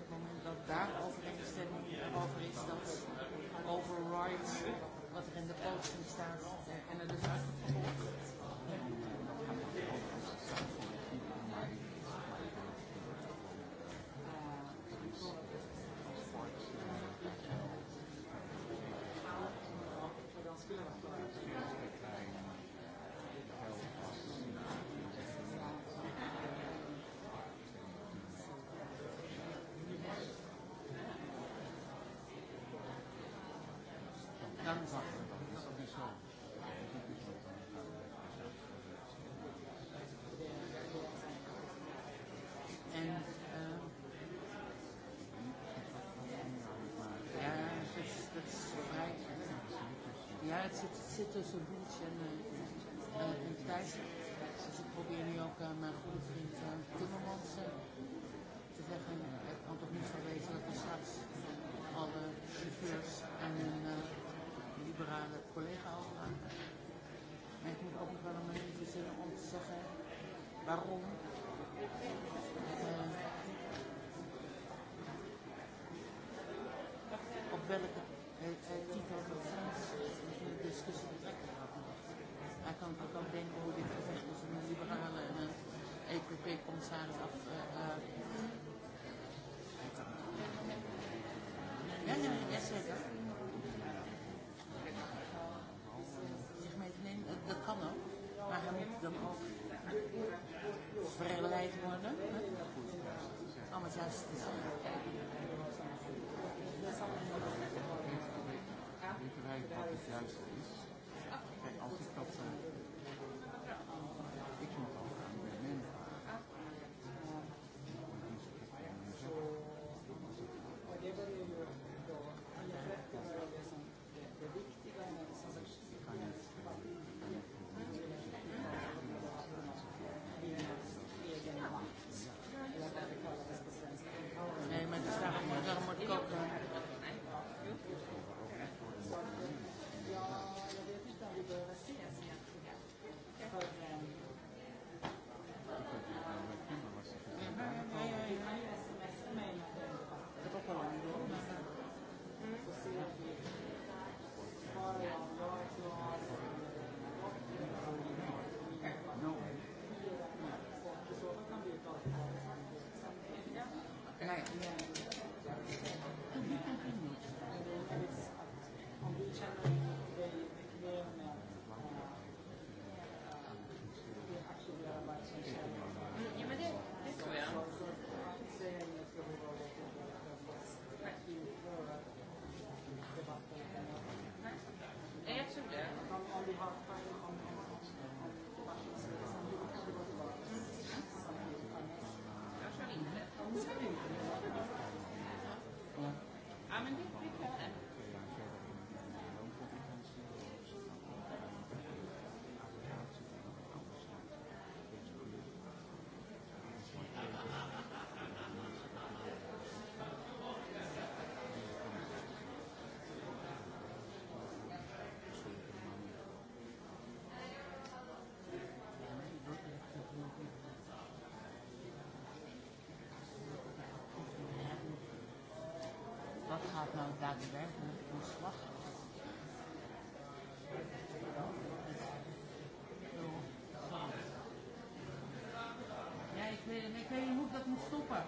het moment dat daar overeenstemming over is, dat overrides wat er in de posting staat en er dus uitgevolgd zit tussen beach en, uh, en thuis. Dus ik probeer nu ook aan mijn goede vriend uh, Timmermans uh, te zeggen, het kan toch niet zo wezen dat we straks alle chauffeurs en hun uh, liberale collega overlaten. En ik moet ook nog wel een manier verzinnen om te zeggen waarom. Uh, inside of Ja, ja, ja, zeker. Zich mee te nemen, dat, dat kan ook. Maar hij moet dan ook verleid worden om het juiste te zeggen. Weten wat het juiste is? Kijk, als ik dat. Uh, wat gaat nou daadwerkelijk van slag? Ja, ik weet, ik weet niet hoe ik dat moet stoppen.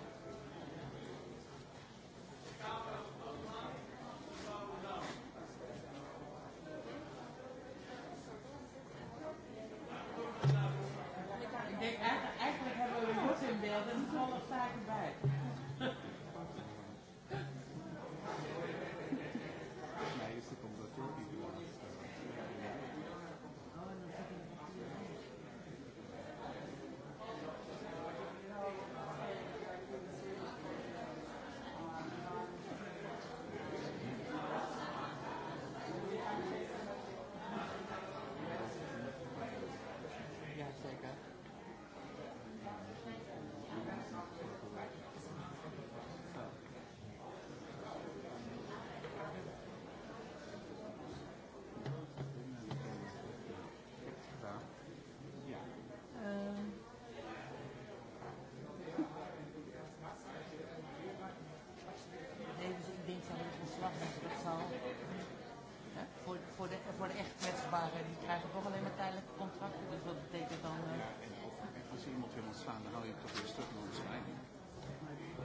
iemand staan dan hou je toch weer stuk nog schrijven.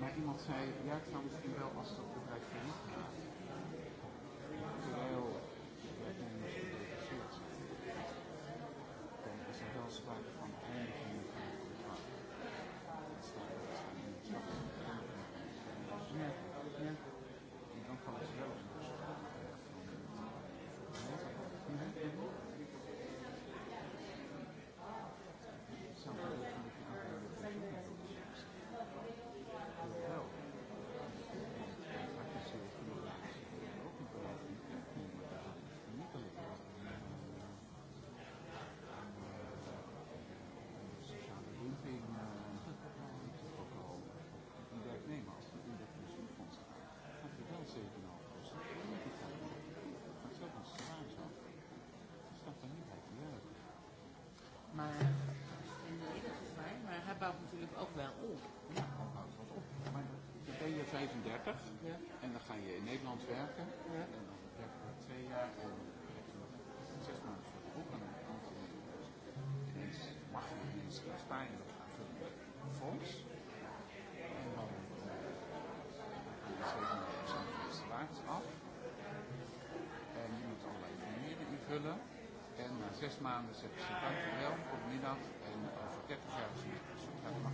Maar iemand zei, ja ik zou misschien wel als dat bedrijf geen macht heeft. Terwijl wij zijn geïnteresseerd zijn. Dan is er wel sprake van wel op. Ja, dan ben je 35 ja. en dan ga je in Nederland werken. Ja. En dan werk je twee jaar en zes maanden voor de boek. En dan komt je ineens, mag je ineens naar Spanje gaan voor een fonds. En dan ga je 37% van je salaris af. En je moet allerlei formulieren invullen. En na zes maanden zeggen ze dankjewel, goedemiddag en over 30 jaar is het. Dat mag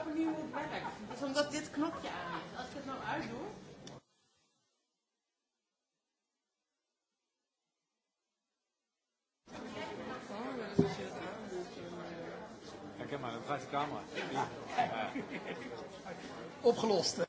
snappen niet hoe het werkt. Het is omdat dit knopje aan is. Als ik het nou uitdoe... Ja, maar, dan draait de camera. Ja. Opgelost.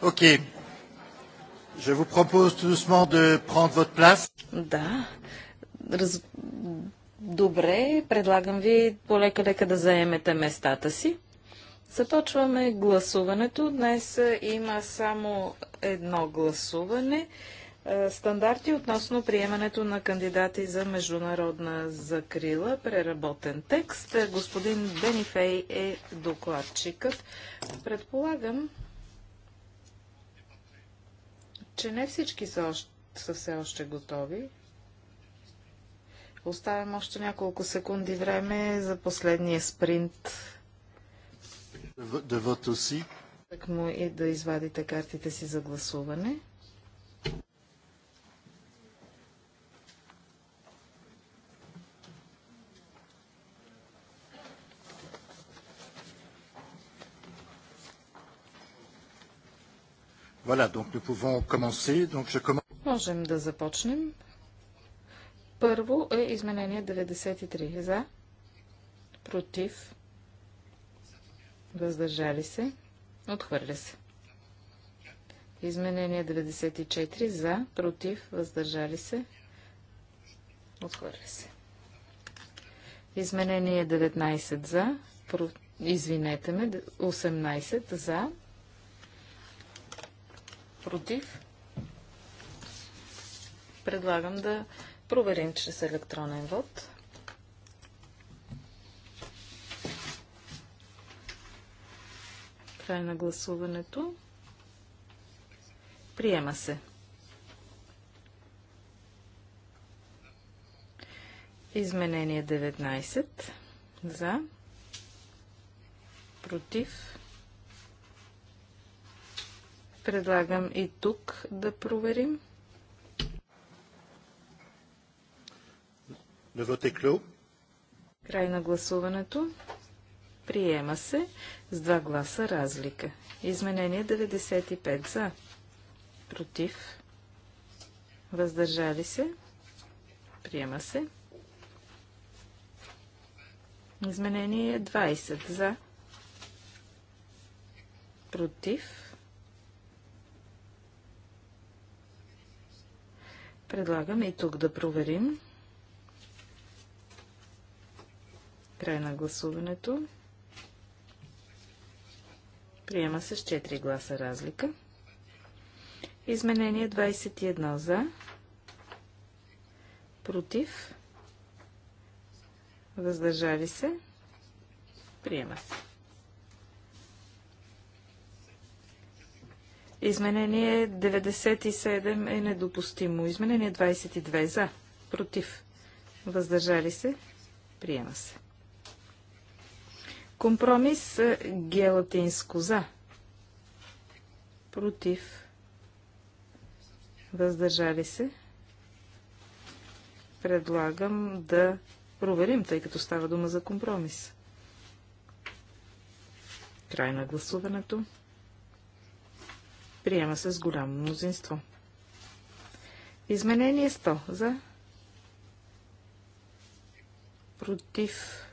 Ok. Je vous propose tout doucement de prendre votre place. Да. Раз... Добре, предлагам ви полека-лека да заемете местата си. Започваме гласуването. Днес има само едно гласуване. Е, стандарти относно приемането на кандидати за международна закрила. Преработен текст. Е, господин Бенифей е докладчикът. Предполагам, че не всички са, още, са все още готови. Оставям още няколко секунди време за последния спринт. Да, да, да, да му и да извадите картите си за гласуване. Voilà, donc nous pouvons commencer. Donc je commence. Можем да започнем. Първо е изменение 93. За, против, въздържали се, отхвърля се. Изменение 94. За, против, въздържали се, отхвърля се. Изменение 19 за, про... извинете ме, 18 за, Против? Предлагам да проверим чрез електронен вод. Край на гласуването. Приема се. Изменение 19. За. Против. Предлагам и тук да проверим. Край на гласуването. Приема се с два гласа разлика. Изменение 95 за. Против. Въздържали се. Приема се. Изменение 20 за. Против. Предлагам и тук да проверим. Край на гласуването. Приема се с 4 гласа разлика. Изменение 21 за. Против. Въздържали се. Приема се. Изменение 97 е недопустимо. Изменение 22 за. Против. Въздържали се. Приема се. Компромис е, гелатинско за. Против. Въздържали се. Предлагам да проверим, тъй като става дума за компромис. Край на гласуването. Приема се с голямо мнозинство. Изменение 100 за против.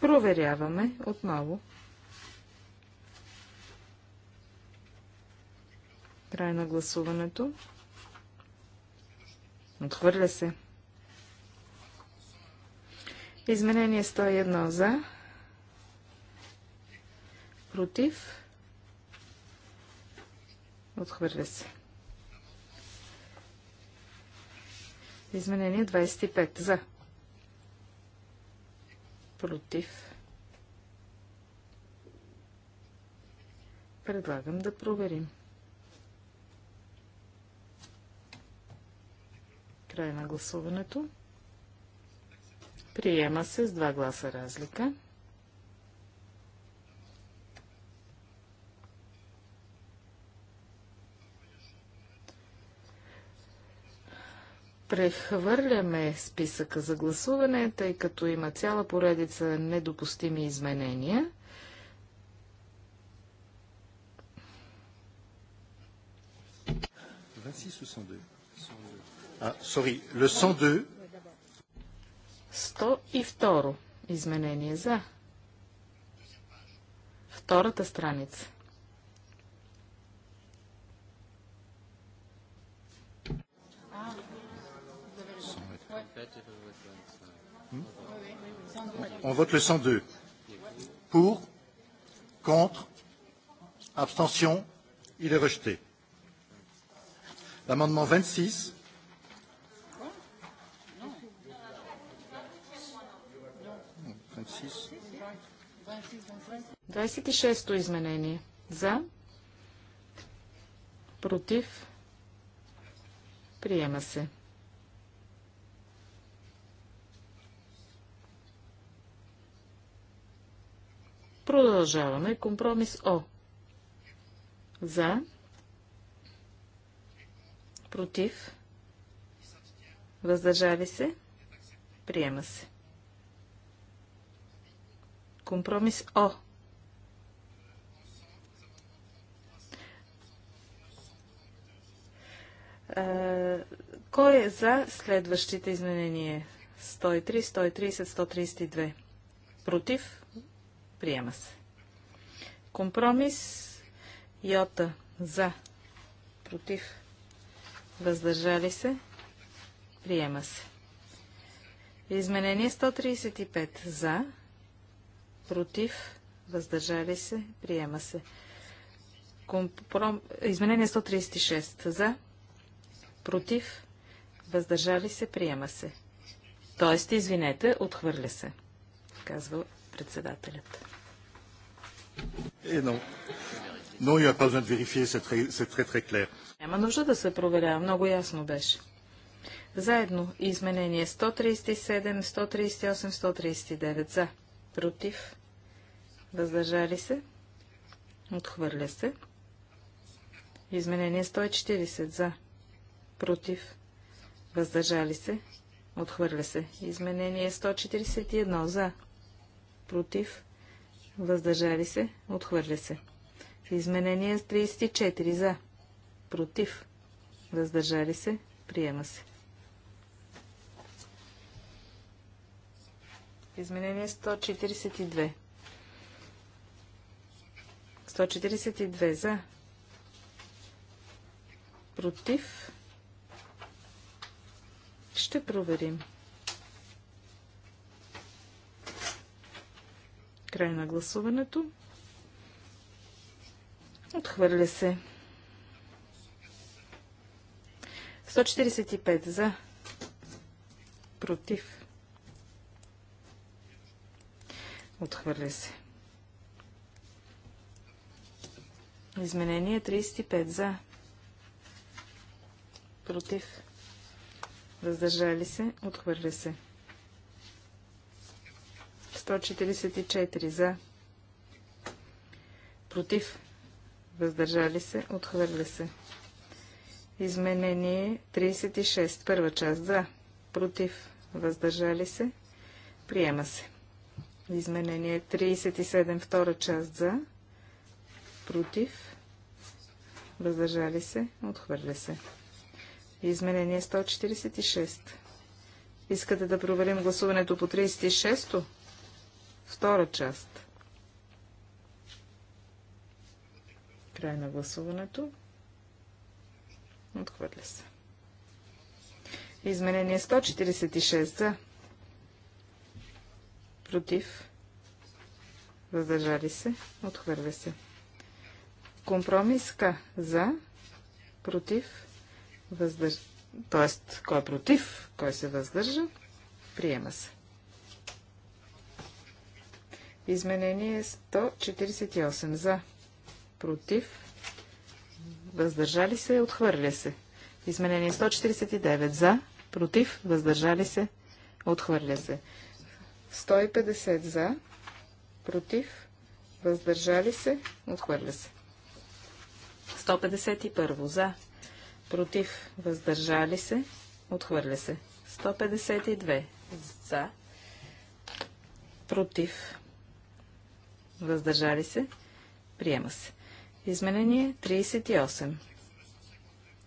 Проверяваме отново. Край на гласуването. Отхвърля се. Изменение 101 за против, отхвърля се. Изменение 25 за, против. Предлагам да проверим. Край на гласуването. Приема се с два гласа разлика. прехвърляме списъка за гласуване, тъй като има цяла поредица недопустими изменения. Сто sorry, le 102. 102 изменение за втората страница. On vote le 102. Pour Contre Abstention Il est rejeté. L'amendement 26. Francis. 26-то изменение. За. Против. Приема се. Продължаваме. Компромис О. За. Против. Въздържали се. Приема се. Компромис О. кой е за следващите изменения? 103, 130, 132. Против? Приема се. Компромис Йота за. Против. Въздържали се. Приема се. Изменение 135 за. Против. Въздържали се. Приема се. Компром... Изменение 136 за. Против. Въздържали се. Приема се. Тоест, извинете, отхвърля се, казва председателят. Eh, Няма нужда да се проверява, много ясно беше. Заедно изменение 137, 138, 139 за, против, въздържали се, отхвърля се. Изменение 140 за, против, въздържали се, отхвърля се. Изменение 141 за, против, въздържали се, отхвърля се. Изменение 34 за, против, въздържали се, приема се. Изменение 142. 142 за, против, ще проверим. Край на гласуването. Отхвърля се. 145 за. Против. Отхвърля се. Изменение 35 за. Против. Въздържали се. Отхвърля се. 144 за. Против. Въздържали се. Отхвърля се. Изменение 36. Първа част за. Против. Въздържали се. Приема се. Изменение 37. Втора част за. Против. Въздържали се. Отхвърля се. Изменение 146. Искате да проверим гласуването по 36-то? Втора част. Край на гласуването. Отхвърля се. Изменение 146 за. Против. Въздържали се. Отхвърля се. Компромиска За. Против. Въздържа. Тоест, кой е против, кой се въздържа, приема се. Изменение 148 за, против, въздържали се, отхвърля се. Изменение 149 за, против, въздържали се, отхвърля се. 150 за, против, въздържали се, отхвърля се. 151 за, против, въздържали се, отхвърля се. 152 за, против, въздържали се, приема се. Изменение 38.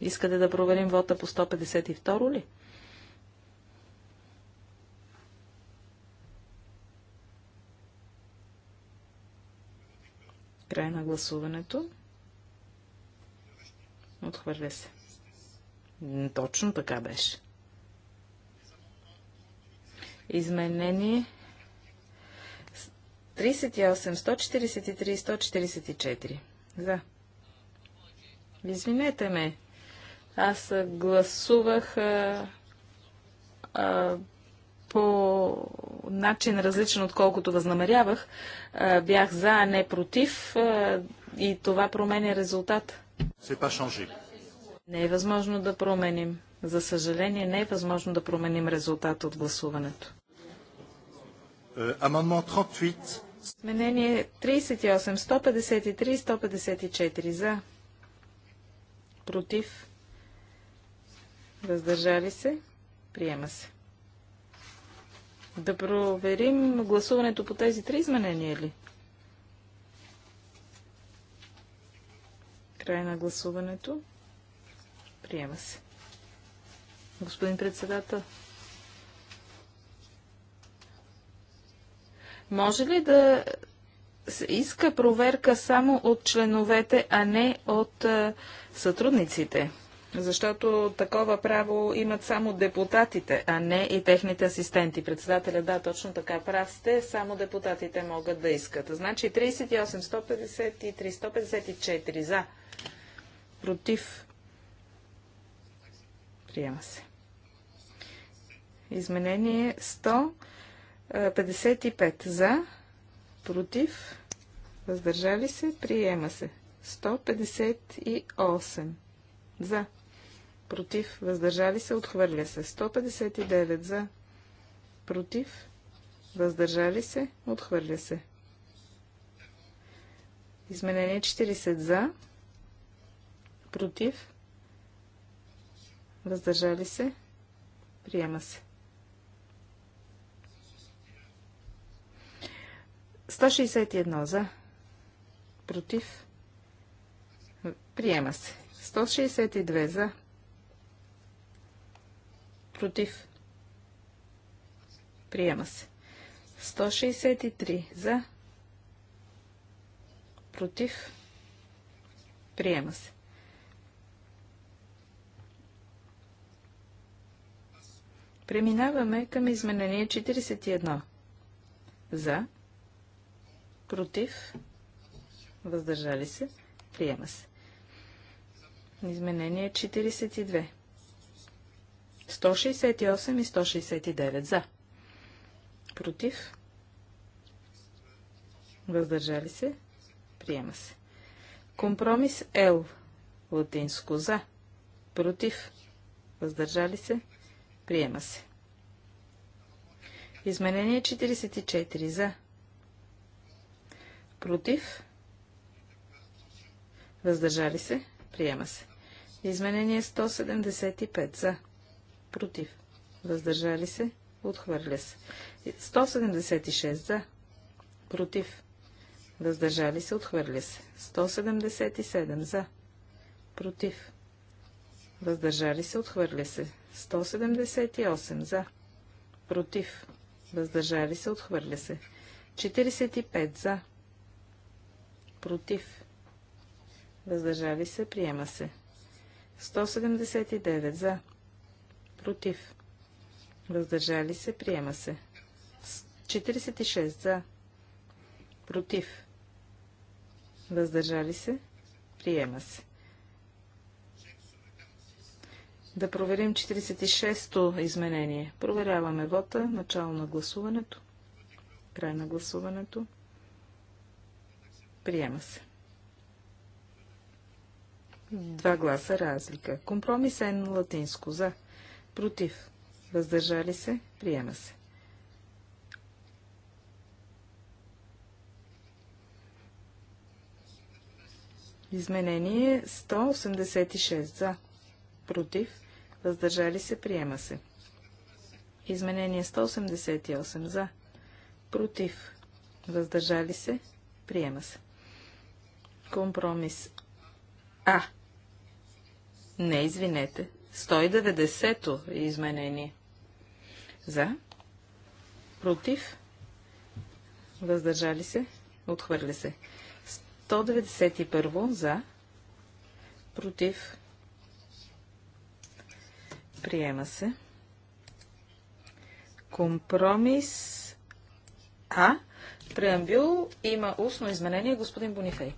Искате да проверим вота по 152 ли? Край на гласуването. Отхвърля се. Точно така беше. Изменение 38, 143, 144. За. Извинете ме. Аз гласувах а, а, по начин различен, отколкото възнамерявах. А, бях за, а не против. А, и това променя резултат. Не е възможно да променим. За съжаление, не е възможно да променим резултат от гласуването. Амандмент 38. Сменение 38, 153, 154 за. Против. Въздържали се. Приема се. Да проверим гласуването по тези три изменения ли? Край на гласуването. Приема се. Господин председател, Може ли да се иска проверка само от членовете, а не от е, сътрудниците? Защото такова право имат само депутатите, а не и техните асистенти. Председателя, да, точно така прав сте, само депутатите могат да искат. Значи 38, 150 154 за. Против. Приема се. Изменение 100. 55 за, против, въздържали се, приема се. 158 за, против, въздържали се, отхвърля се. 159 за, против, въздържали се, отхвърля се. Изменение 40 за, против, въздържали се, приема се. 161 за. Против. Приема се. 162 за. Против. Приема се. 163 за. Против. Приема се. Преминаваме към изменение 41. За против, въздържали се, приема се. Изменение 42. 168 и 169 за. Против. Въздържали се. Приема се. Компромис Л. Латинско за. Против. Въздържали се. Приема се. Изменение 44 за. Против? Въздържали се? Приема се. Изменение 175 за. Против. Въздържали се? Отхвърля се. 176 за. Против. Въздържали се? Отхвърля се. 177 за. Против. Въздържали се? Отхвърля се. 178 за. Против. Въздържали се? Отхвърля се. 45 за против, въздържали се, приема се. 179 за, против, въздържали се, приема се. 46 за, против, въздържали се, приема се. Да проверим 46-то изменение. Проверяваме вота, начало на гласуването, край на гласуването. Приема се. Два гласа разлика. Компромис на латинско за. Против. Въздържали се. Приема се. Изменение 186 за. Против. Въздържали се. Приема се. Изменение 188 за. Против. Въздържали се. Приема се. Компромис А. Не, извинете. 190-то изменение. За. Против. Въздържали се. Отхвърля се. 191 за. Против. Приема се. Компромис А. Преамбюл има устно изменение господин Бонифей.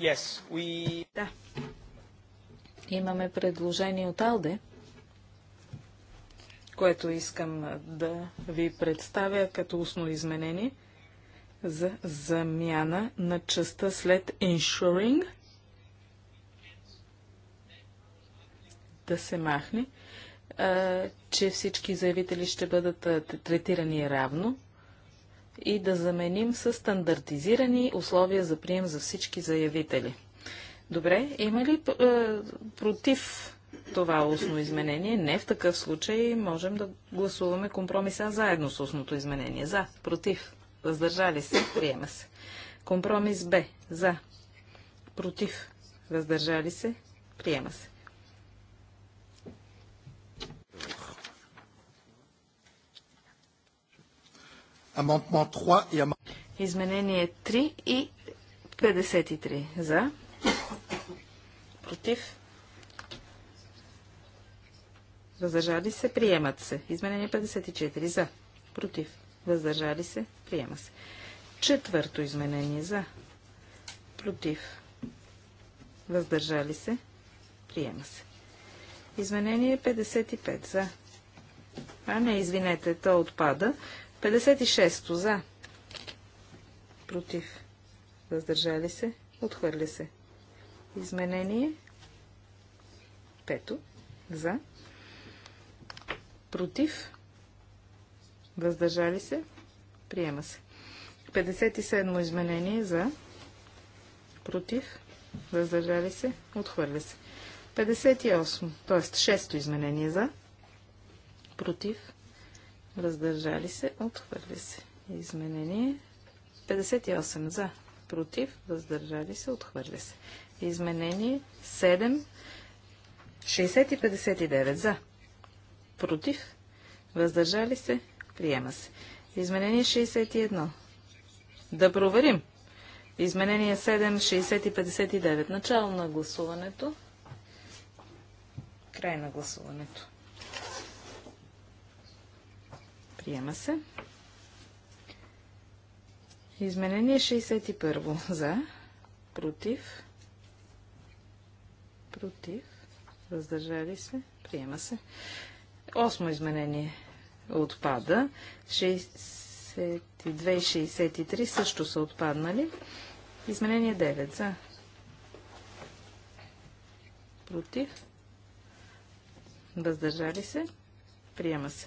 Yes, we... Да. Имаме предложение от Алде, което искам да ви представя като устно изменение за замяна на частта след ensuring да се махне, че всички заявители ще бъдат третирани равно и да заменим с стандартизирани условия за прием за всички заявители. Добре, има ли е, против това устно изменение? Не, в такъв случай можем да гласуваме компромиса заедно с устното изменение. За, против, въздържали се, приема се. Компромис Б. За, против, въздържали се, приема се. и Изменение 3 и 53 за. Против. Въздържали се, приемат се. Изменение 54 за. Против. Въздържали се, приема се. Четвърто изменение за. Против. Въздържали се, приема се. Изменение 55 за. А не, извинете, то отпада. 56 за. Против. Въздържали се. Отхвърля се. Изменение. Пето. За. Против. Въздържали се. Приема се. 57 изменение за. Против. Въздържали се. Отхвърля се. 58, т.е. 6 изменение за. Против. Въздържали се. Отхвърля се. Изменение 58 за. Против. Въздържали се. Отхвърля се. Изменение 7. 60 и 59 за. Против. Въздържали се. Приема се. Изменение 61. Да проверим. Изменение 7, 60 и 59. Начало на гласуването. Край на гласуването. Приема се. Изменение 61. За. Против. Против. Въздържали се. Приема се. Осмо изменение отпада. 62 и 63 също са отпаднали. Изменение 9. За. Против. Въздържали се. Приема се.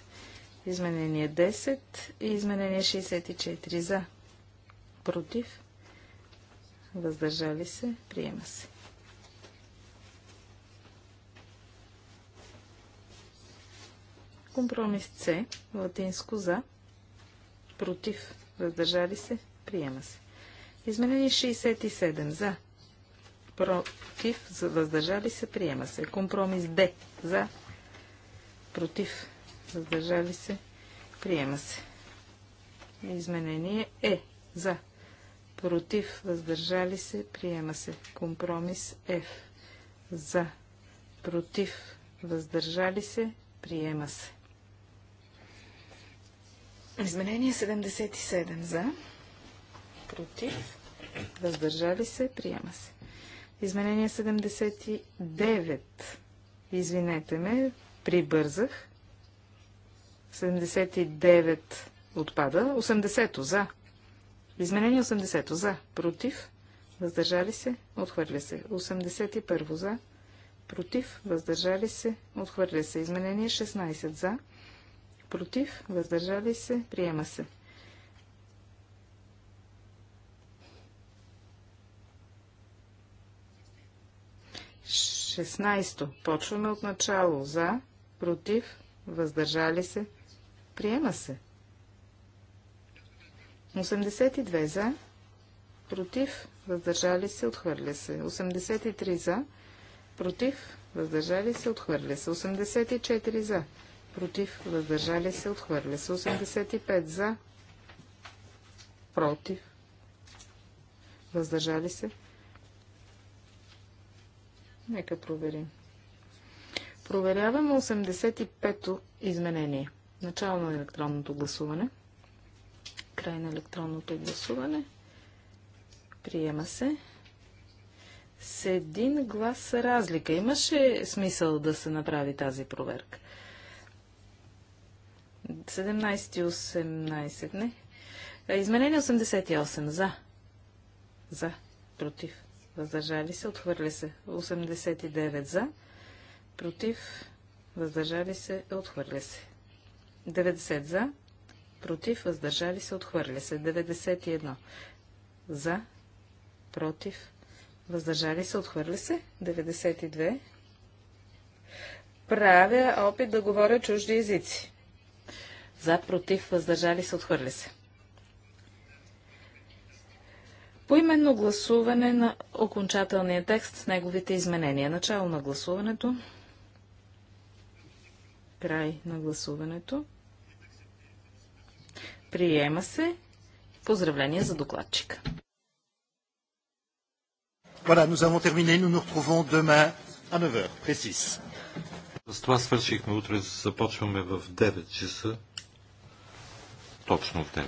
Изменение 10 и изменение 64 за. Против. Въздържали се. Приема се. Компромис С. Латинско за. Против. Въздържали се. Приема се. Изменение 67 за. Против. Въздържали се. Приема се. Компромис Д. За. Против въздържали се, приема се. Изменение Е за, против, въздържали се, приема се. Компромис Е. за, против, въздържали се, приема се. Изменение 77 за, против, въздържали се, приема се. Изменение 79. Извинете ме, прибързах. 79 отпада. 80-то за. Изменение 80-то за. Против. Въздържали се. Отхвърля се. 81 за. Против. Въздържали се. Отхвърля се. Изменение 16 за. Против. Въздържали се. Приема се. Шестнайсто. Почваме от начало. За. Против. Въздържали се. Приема се. 82 за. Против. Въздържали се. Отхвърля се. 83 за. Против. Въздържали се. Отхвърля се. 84 за. Против. Въздържали се. Отхвърля се. 85 за. Против. Въздържали се. Нека проверим. Проверяваме 85-то изменение. 85. Начало на електронното гласуване. Край на електронното гласуване. Приема се. С един глас разлика. Имаше смисъл да се направи тази проверка. 17 и 18, не. Е, изменение 88. За. За. Против. Въздържали се. Отхвърли се. 89 за. Против. Въздържали се. Отхвърли се. 90 за, против, въздържали се, отхвърля се. 91 за, против, въздържали се, отхвърля се. 92 правя опит да говоря чужди езици. За, против, въздържали се, отхвърля се. Поименно гласуване на окончателния текст с неговите изменения. Начало на гласуването. Край на гласуването. Приема се. Поздравление за докладчика. Voilà, nous avons terminé. Nous nous retrouvons demain à 9h, précis. С това свършихме. Утре започваме в 9 часа. Точно в 9.